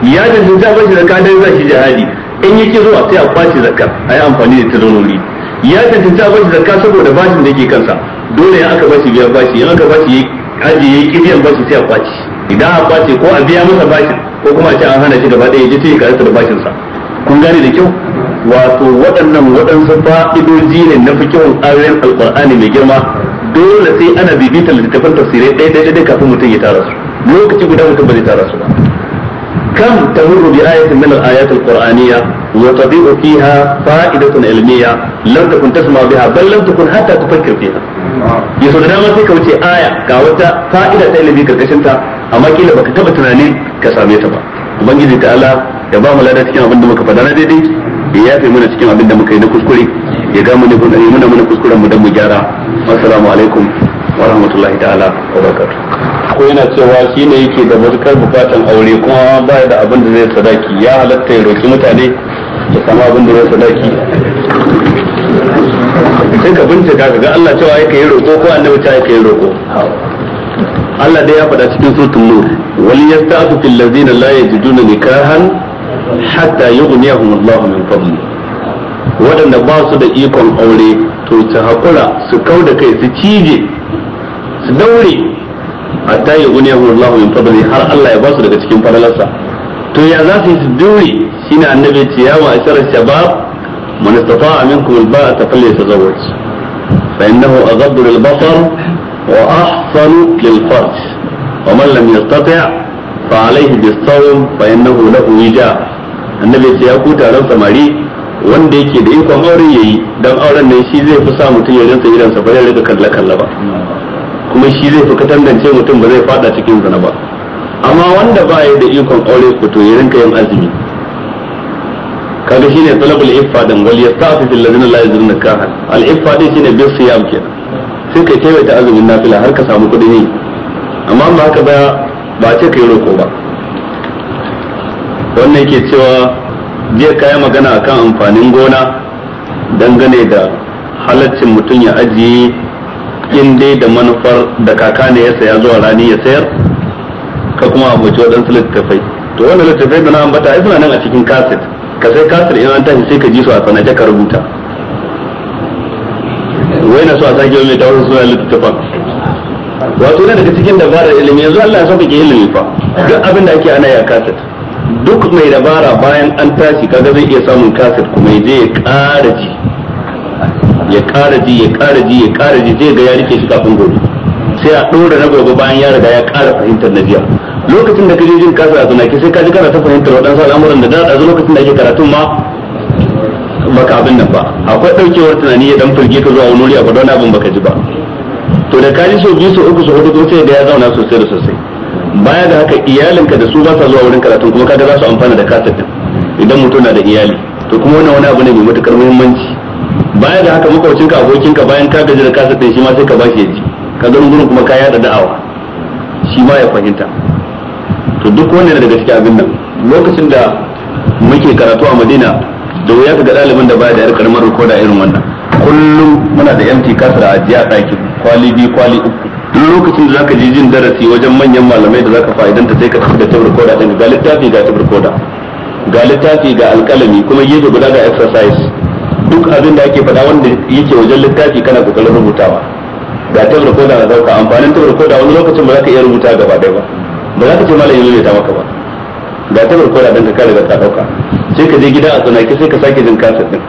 ya cancanci a bashi zarka dan zai shi jihadi in yi zuwa sai a kwaci zarka a yi amfani da tazarori ya cancanci a bashi zarka saboda bashin da yake kansa dole ya aka bashi biyan bashi in aka bashi ajiye ya yi kibiyan bashi sai a kwaci idan a kwace ko a biya masa bashin ko kuma a ce an hana shi gaba ɗaya ya je sai ya karanta da bashin sa kun gane da kyau wato waɗannan waɗansu fa'idoji ne na fikihun ayoyin al'ƙur'ani mai girma dole sai ana bibitar littattafan tafsirai ɗaya ɗaya ɗaya kafin mutum ya tara su lokaci guda mutum ba zai tara su ba kam tamurru bi ayatin min al-ayat al-qur'aniyya wa tabi'u fiha fa'idatun ilmiyya lam takun tasma biha bal lam takun hatta tufakkir fiha yaso da dama sai ka wuce aya ga wata fa'ida ta ilimi karkashin ta amma kila baka taba tunanin ka same ta ba ubangiji ta'ala ya ba mu lada cikin abin da muka faɗa na daidai ya yafe mana cikin abin da muka yi na kuskure ya ga mu ne kun yi muna mana kuskuren mu dan mu gyara assalamu alaikum wa rahmatullahi ta'ala wa barakatuh ko yana cewa shi ne yake da matukar bukatan aure kuma ba da abin da zai sadaki ya halatta ya roki mutane ya samu abin da zai sadaki sai ka bincika ka ga Allah cewa yake yi roko ko annabi ta yake yi roko Allah dai ya faɗa cikin sutun nur wal yasta'tu fil ladzina la yajiduna nikahan hatta yughniyahum Allahu min fadli waɗanda ba su da ikon aure to su haƙura su kau da kai su cije su daure hatta yughniyahum Allahu min fadli har Allah ya ba su daga cikin falalarsa to ya za su yi su daure shine annabi ce ya wa ashar shabab man istata'a minkum al-ba'a falyatazawwaj fa innahu aghaddu lil-basar wa ahsanu lil-farj ومن لم يستطع fa alaihi bisawm fa innahu lahu wija annabi ce ya kuta ran samari wanda yake da ikon aure yayi dan auren ne shi zai fi sa mutum ya rinsa idan sa ba zai rika kalla kalla ba kuma shi zai fi katangance mutum ba zai fada cikin zina ba amma wanda ba ya da ikon aure ku to ya rinka yin azumi kaga shine talabul iffa dan wal fil ladina la yuzrun kahal al iffa din shine bi siyam kenan sai kai tawaita azumin nafila har ka samu kudin yi amma ba haka ba ba a ce ka yi roƙo ba wannan ke cewa jiya kayan magana kan amfanin gona dangane da halaccin mutum ya ajiye in dai da manufar da kaka ne ya saya zuwa rani ya sayar ka kuma abuci waɗansu littattafai to wannan littattafai da na ambata ai suna nan a cikin kaset ka sai kaset in an tashi sai ka ji su a sanaje ka rubuta wai na so a sake mai ta wasu suna littattafan wato ne daga cikin dabarar ilimi yanzu Allah ya saba ke ilimi fa duk abin da ake ana ya kasat. duk mai dabara bayan an tashi kaga zai iya samun kasat kuma je ya ƙara ji ya ƙara ji ya ƙara ji ya ƙara ji zai ga ya rike shi kafin gobe sai a ɗora na gobe bayan ya riga ya ƙara fahimtar na jiya lokacin da kaje jin kasa a ke, sai kaji kana ta fahimtar waɗansu al'amuran da da zuwa lokacin da ake karatun ma baka abin nan ba akwai ɗaukewar tunani ya dan firge ka zuwa wani wuri a faɗa wani abin baka ji ba to da kaji so biyu so uku so hudu sai da ya zauna sosai da sosai baya da haka iyalinka da su ba sa zuwa wurin karatu kuma kaga za su amfana da kasar din idan mutum na da iyali to kuma wannan wani abu ne mai matukar muhimmanci baya da haka makwabcinka abokinka bayan ka gaji da kasar din shi ma sai ka bashi ya ji ka ga gurin kuma ka yada da'awa shi ma ya fahimta to duk wannan daga cikin abin nan lokacin da muke karatu a Madina da wuya ka ga ɗalibin da baya da yar karamar rikoda irin wannan kullum muna da yanti kasar a ajiya a ɗakin kwali biyu kwali uku duk lokacin da zaka ji jin darasi wajen manyan malamai da zaka ta sai ka tafi da tabar koda din ga littafi ga tabar koda ga littafi ga alƙalami kuma yi guda ga exercise duk abin da ake faɗa wanda yake wajen littafi kana kokarin rubutawa ga tabar koda na dauka amfanin tabar koda wani lokacin ba za ka iya rubuta gaba ɗaya ba ba za ka ce malamin zai ta maka ba ga tabar koda din ka riga ka dauka sai ka je gida a tsanaki sai ka sake jin kasa din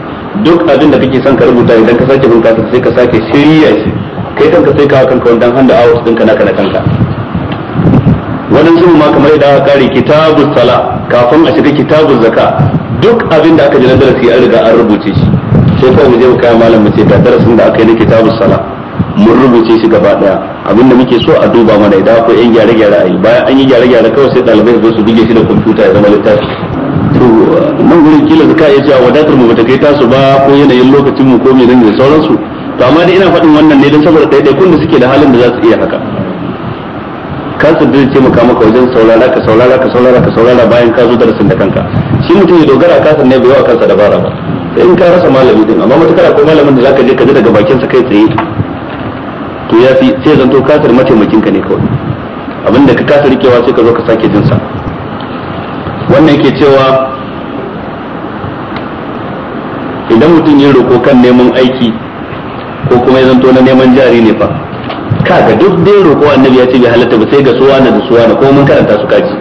duk abin da kake son ka rubuta idan ka sake bin sai ka sake shirya shi kai kanka sai ka kanka wannan handa hours dinka naka na kanka wannan sun ma kamar yadda aka kare kitabus sala kafin a shiga kitabuz zaka duk abin da aka ji na darasi an riga an rubuce shi sai kawai mu je mu kai malam mu ce ta darasin da aka yi na kitabus sala mun rubuce shi gaba daya abin da muke so a duba mana idan akwai yan gyare gyare a yi bayan an yi gyare gyare kawai sai dalibai su buge shi da kwamfuta ya zama littafi to nan gurin kila zaka iya cewa wadatar mu bata kai tasu ba ko yanayin lokacin mu ko menene da sauransu to amma dai ina faɗin wannan ne don saboda ɗaiɗaikun kunda suke da halin da za su iya haka kansu da ce maka maka wajen saurara ka saurara ka saurara ka saurara bayan ka zo darasin da kanka shi mutum ya dogara kasan ne bai wa kansa dabara ba sai in ka rasa malami din amma matukar akwai malamin da zaka je ka ji daga bakin sa kai tsaye to ya fi sai zanto kasar mataimakin ka ne kawai abinda ka kasa rikewa sai ka zo ka sake jin sa wannan yake cewa idan mutum ya roko kan neman aiki ko kuma ya zanto na neman jari ne fa kaga duk dai roƙo annabi ya ce bai halatta ba sai ga suwana da suwana ko mun karanta su kaji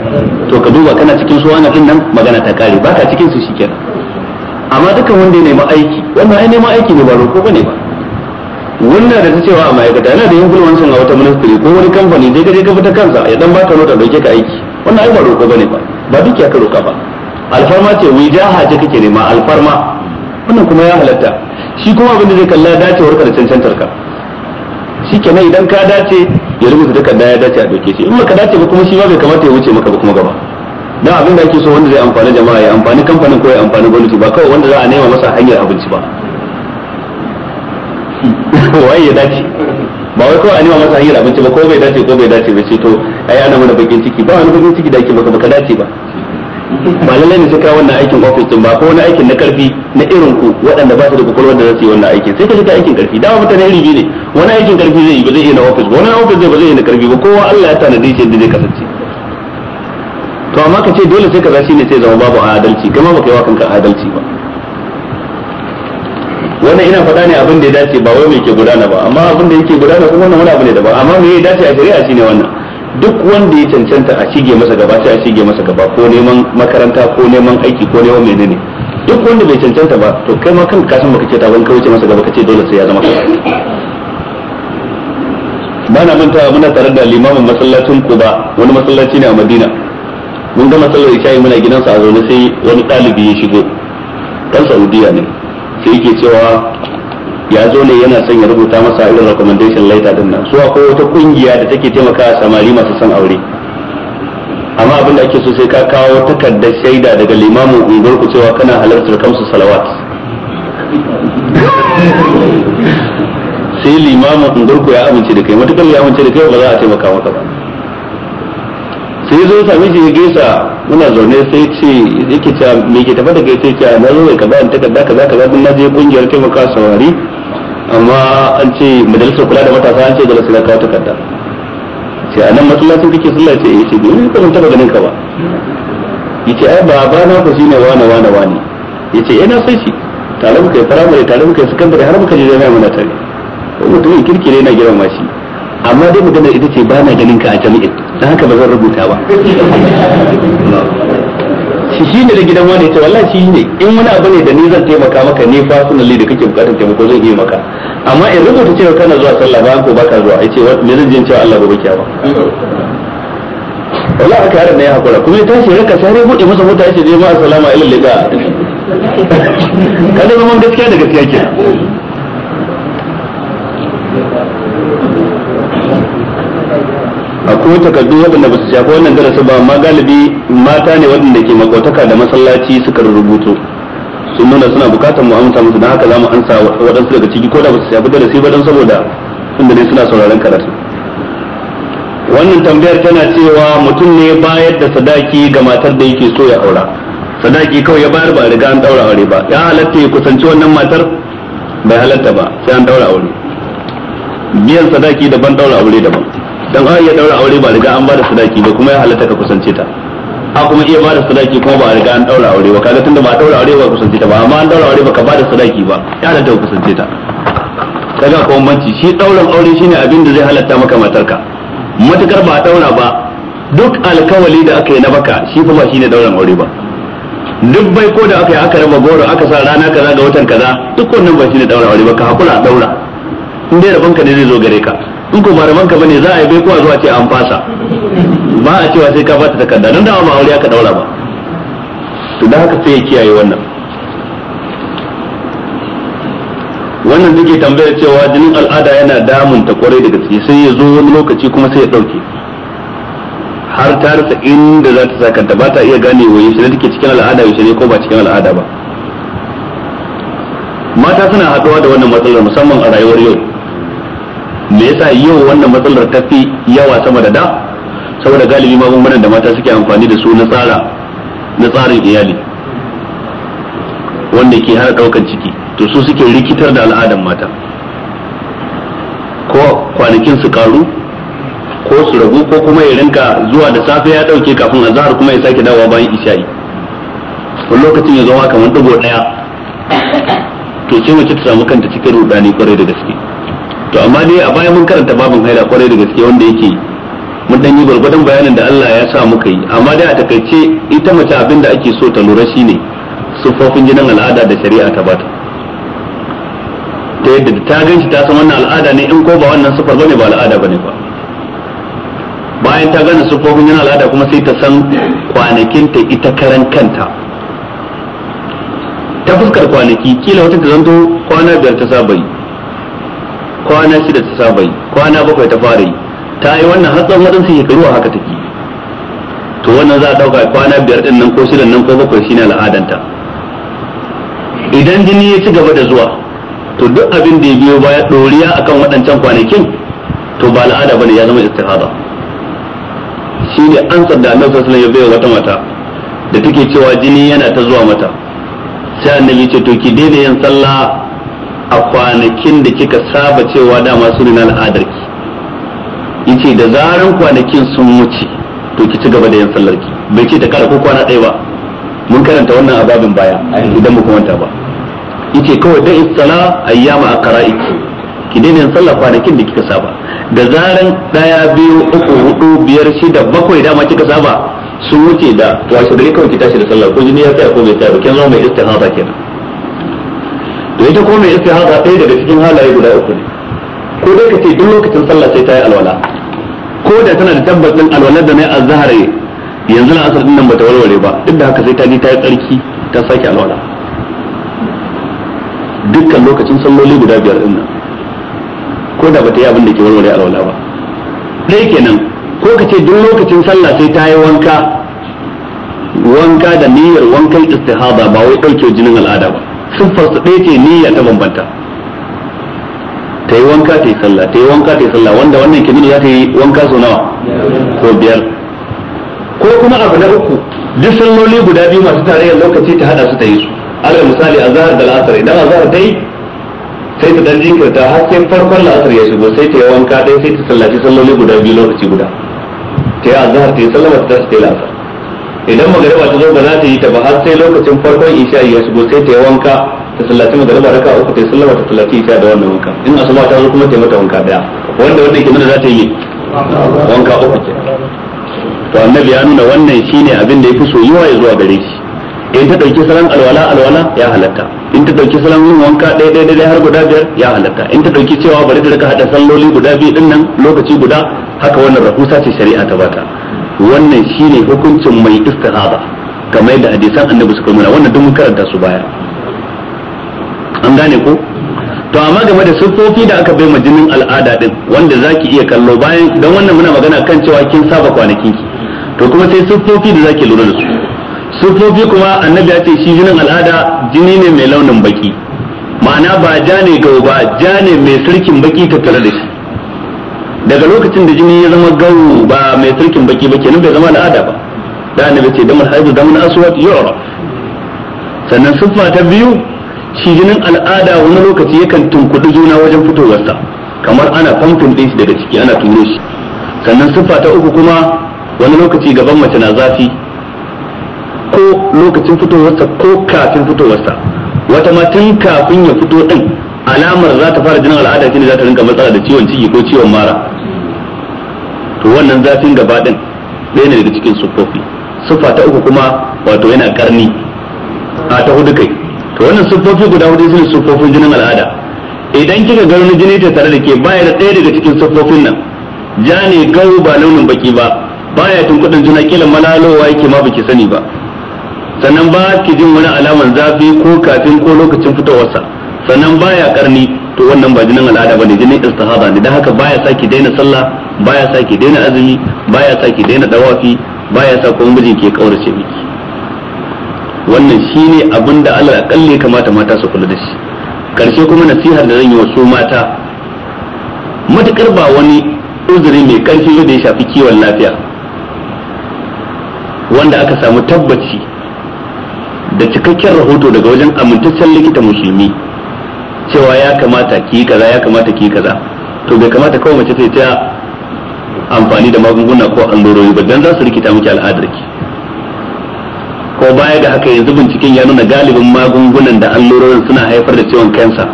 to ka duba kana cikin suwana din nan magana ta kare ka cikin su shikenan amma dukan wanda ya nemi aiki wannan ai neman aiki ne ba roƙo ba ne ba wannan da ta cewa a ma'aikata yana da influence a wata ministry ko wani kamfani dai gare ka fita kansa ya dan baka nota dauke ka aiki wannan ai ba roƙo ne ba ba duk ya ka roƙa ba alfarma ce jaha ce kake nema alfarma wannan kuma ya halatta shi kuma abin da zai kalla dacewar ka da cancantar ka shi kenan idan ka dace ya rubuta da ya dace a doke shi in ka dace ba kuma shi ba bai kamata ya wuce maka ba kuma gaba dan abin da ake so wanda zai amfani jama'a ya amfani kamfanin ko ya amfani gwamnati ba kawai wanda za a nema masa hanyar abinci ba waye ya dace ba wai kawai a nema masa hanyar abinci ba ko bai dace ko bai dace ba ce to ai ana mana bakin ciki ba wani bakin ciki da ake maka baka dace ba ba lallai ne sai ka wannan aikin office din ba ko wani aikin na karfi na irin ku waɗanda ba su da kokolwar da za su yi wannan aikin sai ka shiga aikin karfi dama mutane iri ne wani aikin karfi zai yi ba zai iya na office ba wani office zai ba zai iya na karfi ba kowa Allah ya tana dace da zai kasance to amma ka ce dole sai ka zashi ne sai zama babu adalci kuma ba kai wa kanka adalci ba wannan ina faɗa ne abin da ya dace ba wai mai ke gudana ba amma abin da yake gudana kuma wannan wani abu ne daban amma me ya dace a shari'a shine wannan duk wanda ya cancanta a shige masa gaba sai a shige masa gaba ko neman makaranta ko neman aiki ko neman menene duk wanda bai cancanta ba to kai ma kanka kasan baka ce ta wani wuce masa gaba kace dole sai ya zama kaza ba na manta muna tare da limamin masallacin Quba wani masallaci ne a Madina mun ga masallar Isha'i muna gidansa a zaune sai wani ɗalibi ya shigo dan Saudiya ne sai yake cewa ya zo ne yana son ya rubuta masa irin recommendation letter din nan su akwai wata kungiya da take taimaka samari masu son aure amma abin da ake so sai ka kawo takardar shaida daga limamin unguwar ku cewa kana halartar kamsu salawat sai limamin unguwar ku ya amince da kai matukar ya amince da kai ba za a taimaka maka ba sai zo sami shi ya gaisa muna zaune sai ce yake ta me ke tafa da gaisa ce na zo ka bayan takarda ka za din na je kungiyar taimaka saurari amma an ce majalisar kula da matasa an ce da lasila kawo takarda ce a nan sun kake sallah ce eh. ce bai yi kamar taba ganin ka ba yace ai baba na ku shine wane wane wane yace ina eh, sai shi tare muka yi firamare tare muka yi sakandare har muka je na muna tare ko mutumin kirki kirkire na girma shi amma dai magana ita ce ba na ganin ka a jami'in na haka ba zan rubuta ba ki shi ne da gidan wani ce wallahi shi ne in wani abu ne da ni zan taimaka maka ne fa sunan da kake bukatar taimako zan iya maka amma in rubuta cewa kana zuwa sallah ba ko baka zuwa ai ce me zan jin cewa Allah gobe ba wallahi aka yaron ne ya hakura kuma ya tashi raka sai ya bude masa mota yace je ma assalamu alaikum kada zaman gaskiya da gaskiya kenan Ko takardu waɗanda ba su shafi wannan darasi ba amma galibi mata ne waɗanda ke makotaka da masallaci suka rubutu sun nuna suna bukatar mu amsa musu don haka za mu ansa waɗansu daga ciki ko da ba su shafi darasi ba don saboda tunda ne suna sauraron karatu wannan tambayar tana cewa mutum ne bayar da sadaki ga matar da yake so ya aura sadaki kawai ya bayar ba riga an daura aure ba ya halatta ya kusanci wannan matar bai halatta ba sai an daura aure biyan sadaki daban daura aure daban dan a iya daura aure ba riga an bada sadaki ba kuma ya halatta ka kusance ta a kuma iya bada sadaki kuma ba riga an daura aure ba kaga tunda ba daura aure ba kusance ta ba amma an daura aure ba ka bada sadaki ba ya halatta ka kusance ta kaga ko banci shi dauran aure shine abin da zai halatta maka matarka matukar ba daura ba duk alkawali da aka yi na baka shi fa ba shine dauran aure ba duk bai ko da aka yi aka raba goro aka sa rana kaza ga watan kaza duk wannan ba shine daura aure ba ka hakura daura inda rabanka ne zai zo gare ka in ko malaman ka bane za a yi bai kuwa zuwa ce an fasa ba a cewa sai ka fata takarda nan da ba aure aka daura ba to da haka sai ya kiyaye wannan wannan duke tambayar cewa jinin al'ada yana damun ta kwarai da gaske sai ya zo wani lokaci kuma sai ya dauke har ta rasa inda za ta sakanta ba ta iya gane wa yaushe ne take cikin al'ada yaushe ne ko ba cikin al'ada ba mata suna haɗuwa da wannan matsalar musamman a rayuwar yau me yasa yau wannan matsalar ta fi yawa sama da da saboda galibi magungunan da mata suke amfani da su na tsara na tsarin iyali wanda ke hana daukan ciki to su suke rikitar da al'adan mata ko kwanakin su karu ko su ragu ko kuma ya rinka zuwa da safe ya dauke kafin azhar kuma ya sake dawowa bayan isha'i to lokacin ya zama kamar dubo daya to sai mace ta samu kanta cikin rudani kwarai da gaske to amma dai a baya mun karanta babin haila kwarai da gaske wanda yake mun dan yi gwargwadon bayanin da Allah ya sa muka yi amma dai a takaice ita mace abin da ake so ta lura shine sufofin jinin al'ada da shari'a ta bata ta yadda ta gan shi ta san wannan al'ada ne in ko ba wannan siffar bane ba al'ada bane ba bayan ta gane sufofin jinin al'ada kuma sai ta san kwanakin ta ita karan kanta ta fuskar kwanaki kila wata ta zanto kwana biyar ta saba yi kwana shida ta saba yi kwana bakwai ta fara yi ta yi wannan har tsawon waɗansu shekaru a haka take to wannan za a ɗauka kwana biyar ɗin nan ko shidan nan ko bakwai shine al'adanta idan jini ya ci gaba da zuwa to duk abin da ya biyo baya ɗoriya akan waɗancan kwanakin to ba al'ada bane ya zama istihada shi ne ansar da annabi sallallahu alaihi ya bai wata mata da take cewa jini yana ta zuwa mata sai annabi ce to ki daina yin sallah a kwanakin da kika saba cewa dama su ne na al'adarki ki yace da zaran kwanakin sun wuce to ki ci gaba da yin sallar ki bai ce ta kara ko kwana ɗaya ba mun karanta wannan a babin baya idan muka manta ba yace kawai da a ayyama aqra'iki ki daina yin sallah kwanakin da kika saba da zaran ɗaya biyu uku hudu biyar shida bakwai dama kika saba sun wuce da to da shugari kawai ki tashi da sallah ko jini ya tsaya ko bai tsaya ba kin zama mai istihaza kenan to ita ko mai istihaza ɗaya daga cikin halaye guda uku ne ko dai ka ce duk lokacin sallah sai ta yi alwala ko da tana da tabbas din alwalar da na azhari yanzu na asar din nan bata warware ba duk da haka sai ta ji ta yi tsarki ta sake alwala dukkan lokacin salloli guda biyar din nan ko da bata yi abin da ke warware alwala ba dai kenan ko ka ce duk lokacin sallah sai ta yi wanka wanka da niyyar wankan istihada ba wai ɗauke jinin al'ada ba siffar su ɗaya ce niyya ta bambanta ta yi wanka ta yi sallah ta yi wanka ta yi sallah wanda wannan ke nuna za ta yi wanka sau nawa ko biyar ko kuma abu na uku duk salloli guda biyu masu tarayyar lokaci ta hada su ta yi su alal misali a zahar da la'asar idan a zahar dai sai ta dan jinkirta har sai farkon la'asar ya shigo sai ta yi wanka ɗaya sai ta sallaci salloli guda biyu lokaci guda ta yi a zahar ta yi sallama ta ta yi la'asar idan magariba ta zo ba za ta yi ta ba har sai lokacin farkon isha ya shigo sai ta yi wanka ta sallaci magariba raka uku ta sallama ta sallaci isha da wannan wanka in asuba ta zo kuma ta yi mata wanka daya wanda wanda ke nuna za ta yi wanka uku ke to annabi ya nuna wannan shine abin da yafi soyuwa ya zuwa gare shi in ta dauki salon alwala alwala ya halatta in ta dauki salon yin wanka ɗaya ɗaya ɗaya har guda biyar ya halatta in ta dauki cewa bari da raka hada salloli guda biyu din nan lokaci guda haka wannan rahusa ce shari'a ta bata wannan shine hukuncin mai istihada kamar da hadisan annabi suka nuna wannan duk karanta su baya an gane ko to amma game da siffofi da aka bai ma jinin al'ada din wanda zaki iya kallo bayan dan wannan muna magana kan cewa kin saba kwanakin ki to kuma sai siffofi da zaki lura da su siffofi kuma annabi ya ce shi jinin al'ada jini ne mai launin baki ma'ana ba ja ne gaba ba ja ne mai sarkin baki tattare da shi daga lokacin da jini ya zama gawo ba mai turkin baki ba kenan bai zama al'ada ba da annabi ce damar haidu mun aswat yu'ra sannan siffa ta biyu shi jinin al'ada wani lokaci yakan tunkuɗi juna wajen fitowarsa kamar ana famfin din shi daga ciki ana turo shi sannan siffa ta uku kuma wani lokaci gaban mace na zafi ko lokacin fitowarsa ko kafin fitowarsa wata ma tun kafin ya fito din, alamar za ta fara jinin al'ada shine za ta rinka matsala da ciwon ciki ko ciwon mara to wannan zafin gaba din ɗaya ne daga cikin siffofi siffa ta uku kuma wato yana karni a ta hudu kai to wannan siffofi guda hudu sun siffofin jinin al'ada idan kika ga wani jini ta tare da ke baya da ɗaya daga cikin siffofin nan ja ne gau ba launin baki ba baya tun kudin juna kila malalowa yake ma baki sani ba sannan ba ki jin wani alaman zafi ko kafin ko lokacin fitowarsa sannan baya karni to wannan ba jinin al'ada bane jinin istihada ne dan haka baya saki daina sallah baya sa ki daina azumi baya sa ki daina dawafi baya sa kuma mijin ke kaurace miki wannan shine abin da Allah kalle kamata mata su kula da shi karshe kuma nasihar da zan yi wa su mata matakar ba wani uzuri mai karfi da ya shafi kiwon lafiya wanda aka samu tabbaci da cikakken rahoto daga wajen amintaccen likita musulmi cewa ya kamata ki kaza ya kamata ki kaza to bai kamata kawai mace ta amfani da magunguna ko allurori ba dan za su rikita miki al'adar ki ko baya ga haka yanzu binciken ya nuna galibin magungunan da allurorin suna haifar da ciwon kansa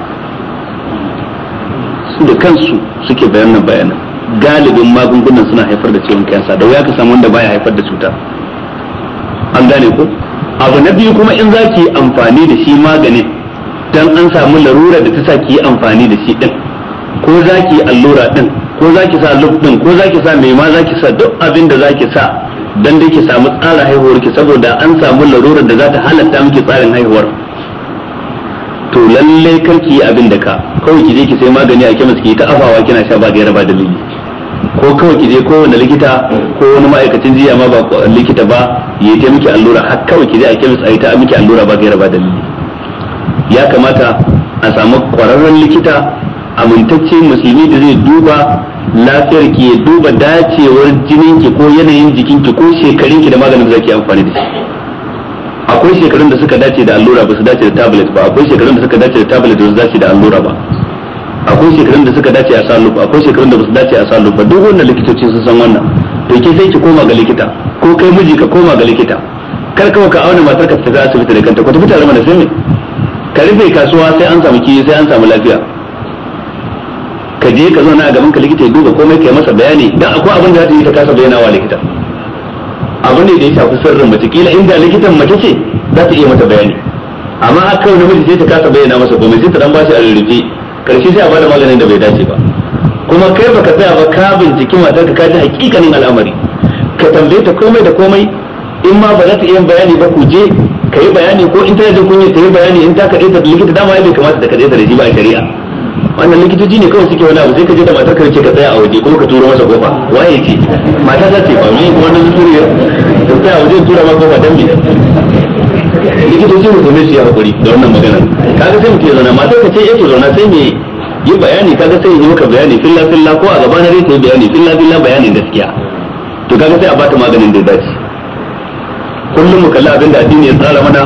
su da kansu suke bayanan bayanan galibin magungunan suna haifar da ciwon kansa da wuya ka samu wanda baya haifar da cuta an gane ko abu na biyu kuma in za ki yi amfani da shi maganin dan an samu larura da ta sa ki yi amfani da shi din ko za ki allura din ko za ki sa lub din ko za ki sa mai ma za ki sa duk abin da za ki sa dan da ki samu tsara haihuwar ki saboda an samu larurar da za ta halatta miki tsarin haihuwar to lalle kar ki yi abin da ka kawai ki je ki sai magani a kemis ki ta afawa kina sha ba gaira ba dalili ko kawai ki je kowane likita ko wani ma'aikacin jiya ma ba likita ba ya ta miki allura har kawai ki je a kemis a yi ta miki allura ba gaira ba dalili ya kamata a samu kwararren likita amintacce musulmi da zai duba lafiyar ki ya duba dacewar jinin ki ko yanayin jikin ki ko shekarun ki da maganin da zaki amfani da shi akwai shekarun da suka dace da allura ba su dace da tablet ba akwai shekarun da suka dace da tablet ba su dace da allura ba akwai shekarun da suka dace a salu ba akwai shekarun da ba su dace a salu ba duk wannan likitoci sun san wannan to ke sai ki koma ga likita ko kai miji ka koma ga likita kar kawai ka auna matar ka ta tafi asibiti da kanta ko fita da mana sai ka rufe kasuwa sai an samu kiyi sai an samu lafiya ka je ka zauna a gaban ka likita ya duba komai kai masa bayani dan akwai abin da zai ta kasa bayyana wa likita abin ne da ya shafi sirrin mace kila inda likitan mace ce za ta iya mata bayani amma akan namiji sai ta kasa bayyana masa komai sai ta dan bashi a rurrufe karshe sai a bada maganin da bai dace ba kuma kai baka tsaya ba ka binciki matar ka ji hakikanin al'amari ka tambaye ta komai da komai in ma ba za ta iya bayani ba ku je ka yi bayani ko in ta yi kunya ta yi bayani in ta kaɗe ta likita dama ya bai kamata ta kaɗe ta da shi ba a shari'a wannan likitoci ne kawai suke wani abu sai kaje da matar ce ka tsaya a waje kuma ka turo masa kofa waye ce mata ta ce ba mu yi wannan zuriya ka tsaya a waje tura masa kofa dan me likitoci mutum su yi hakuri da wannan magana kaga sai mutum ya zauna matar ka ce yake eh, zauna sai me yi bayani kaga sai yi maka bayani filla filla ko a gaba na zai yi bayani filla filla bayanin gaskiya to kaga sai a bata maganin da dace kullum mu kalli abin da addini ya tsara mana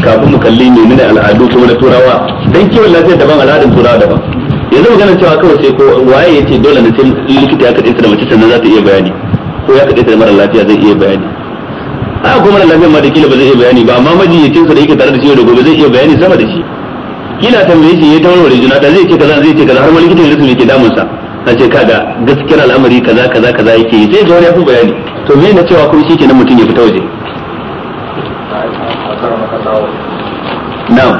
kafin mu kalli menene al'adu kuma na turawa dan kiwon lafiya daban al'adun turawa daban yanzu magana cewa kawai sai ko waye yace dole ne sai likita ya kaɗe da mace sannan za ta iya bayani ko ya kaɗe da mara lafiya zai iya bayani a ko mara lafiya ma da kila ba zai iya bayani ba amma yace sa da yake tare da shi da gobe zai iya bayani sama da shi kila tambaye shi ya eh, tawarware juna ta zai ce kaza zai ce kaza har ma likita ya rubuta yake damun sa a ce kaga gaskiyar al'amari kaza kaza kaza yake yi sai ga wani ya fi bayani to me na cewa kun shi nan mutum ya fita waje na'am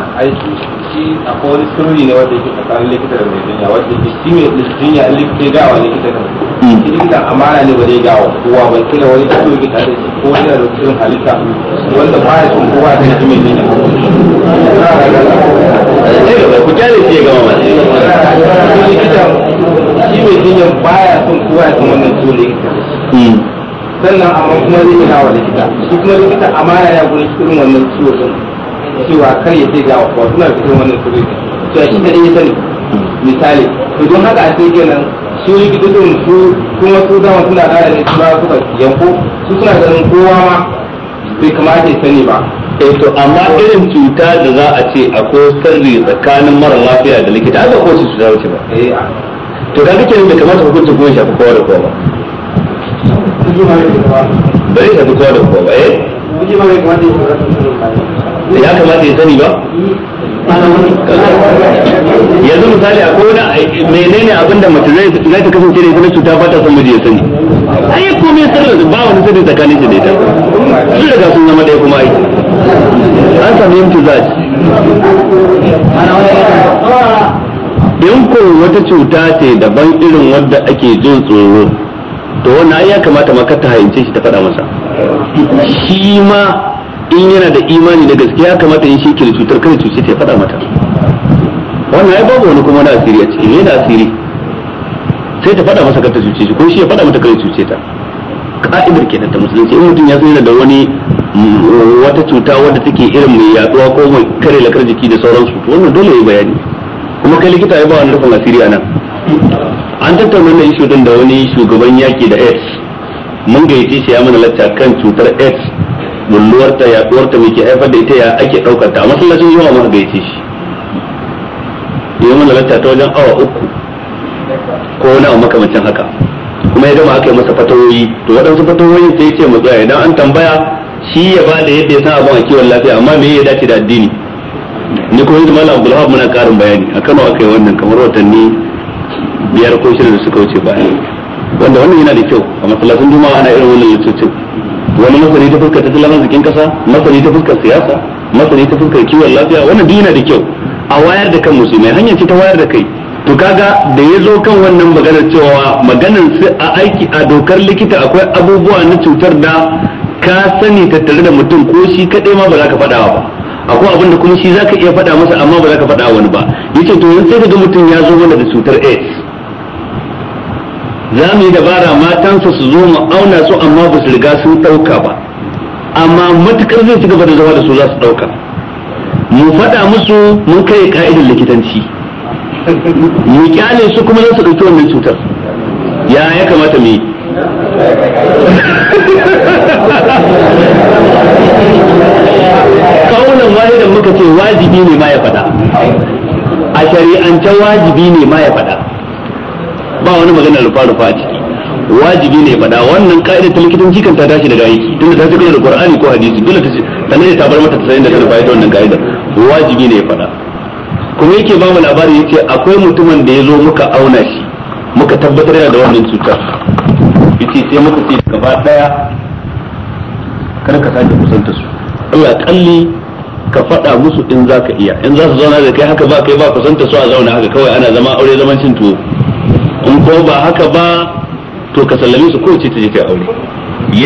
akwai wani sirri ne wanda yake tsakanin likita da mai jinya wanda yake shi mai jinya likita ya gawa likita da mm. shi likita amana ne ba zai gawa kowa ba kila wani cikin likita da ko wani da cikin halitta wanda ba ya cikin kowa da shi mai jinya ku kyale shi ya gama ba likita shi mai jinya baya son kowa ya san wannan ciwon likita mm. sannan amma kuma zai yi nawa likita shi kuma likita amana ya gurin irin wannan ciwon cewa kar ya ce ga wa suna cikin wannan sirri to shi da ya sani misali to don haka a cikin nan su yi likitocin su kuma su dama suna da ne suna suka yanko su suna ganin kowa ma bai kamata ya sani ba eh to amma irin cuta da za a ce akwai sirri tsakanin mara lafiya da likita aka ko su cuta wuce ba eh, to da kake da kamata ku kunta ya shafi kowa da kowa ba bai shafi kowa da kowa ba eh da ya kamata ya sani ba yanzu misali a kowane menene abin da mace zai ta kasance da ita na cuta ba ta son miji ya sani ai komai sirri ba wani sani tsakanin shi da ita sun riga sun zama ɗaya kuma ai an sami yin tuzaji in ko wata cuta ce daban irin wadda ake jin tsoro to wannan ya kamata ma ka ta hayince shi ta faɗa masa shi ma in yana da imani da gaskiya kamata yin shekiri ke cutar kada cuce ta faɗa mata wannan ai babu wani kuma na asiri a cikin yana asiri sai ta faɗa masa kada cuce shi ko shi ya faɗa mata kada cuce ta ka'idar kenan ta musulunci in mutum ya san da wani mm, wata cuta wadda take irin mai yaduwa ko mai kare lakar jiki da sauransu to wannan dole ya bayani kuma kai likita ya ba wani rufin asiri a nan an tattauna wannan shi da wani shugaban yaki da AIDS mun gayyace shi ya mana lacca kan cutar AIDS bulluwarta yaduwarta ta muke haifar da ita ya ake daukar ta a masallacin yawa muka gayyace shi ya mana lacca ta wajen awa uku ko wani abu makamancin haka kuma ya gama aka yi masa fatawoyi to waɗansu fatawoyin sai ce mu tsaya idan an tambaya shi ya ba da yadda ya san abin a kiwon lafiya amma me ya dace da addini ni ko yanzu malam abdulhab muna karin bayani a kano aka yi wannan kamar watanni biyar ko shirin da suka wuce baya wanda wannan yana da kyau a masallacin juma'a ana irin wannan littocin wani masani ta fuskar tattalin arzikin kasa masani ta fuskar siyasa masani ta fuskar kiwon lafiya wannan duk yana da kyau a wayar da kan musulmai hanyar ce ta wayar da kai to kaga da ya zo kan wannan maganar cewa maganar su a aiki a dokar likita akwai abubuwa na cutar da ka sani tattare da mutum ko shi kaɗai ma ba za ka faɗawa ba akwai abin da kuma shi za ka iya faɗa masa amma ba za ka faɗa wani ba yace to yanzu sai ka ga mutum ya zo mana da cutar AIDS za mu yi dabara matansu su zo mu auna su amma ba su riga sun ɗauka ba amma matukar zai ci gaba da zama da su za su ɗauka mu faɗa musu mun kai ka'idar likitanci mu kyale su kuma za su ɗauki wannan cutar ya ya kamata mu yi kaunan wajen muka ce wajibi ne ma ya faɗa a shari'ance wajibi ne ma ya faɗa ba wani magana rufa rufa a ciki wajibi ne faɗa wannan ka'idar ta likitanci kan ta tashi daga aiki tunda ta fi da Qur'ani ko hadisi dole ta sanar ta bar mata ta sanin da kan ita wannan ka'idar wajibi ne faɗa kuma yake ba mu labari yace akwai mutumin da ya zo muka auna shi muka tabbatar yana da wannan cutar yace sai muka ce gaba daya kar ka sake kusanta su Allah kalli ka faɗa musu in za ka iya in za su zauna da kai haka ba kai ba kusanta su a zauna haka kawai ana zama aure zaman cin tuwo in ko ba haka ba to ka sallame su kowace ta je kai aure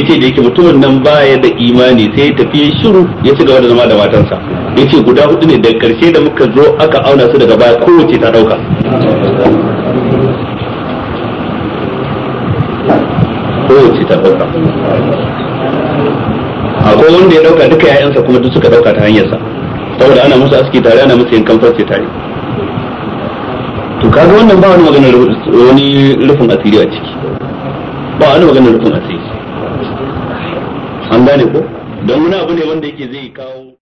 ce da yake mutumin nan baya da imani sai ya tafi shiru ya ci gaba da zama da matansa Ya ce guda hudu ne da karshe da muka zo aka auna su daga baya kowace ta dauka kowace ta dauka akwai wanda ya dauka duka yayansa kuma duk suka dauka ta hanyarsa saboda ana musu aski tare ana musu yin farce tare to kaga wannan ba wani maganar wani rufin asiri a ciki ba wani maganar rufin asiri an gane ko don wani abu ne wanda yake zai kawo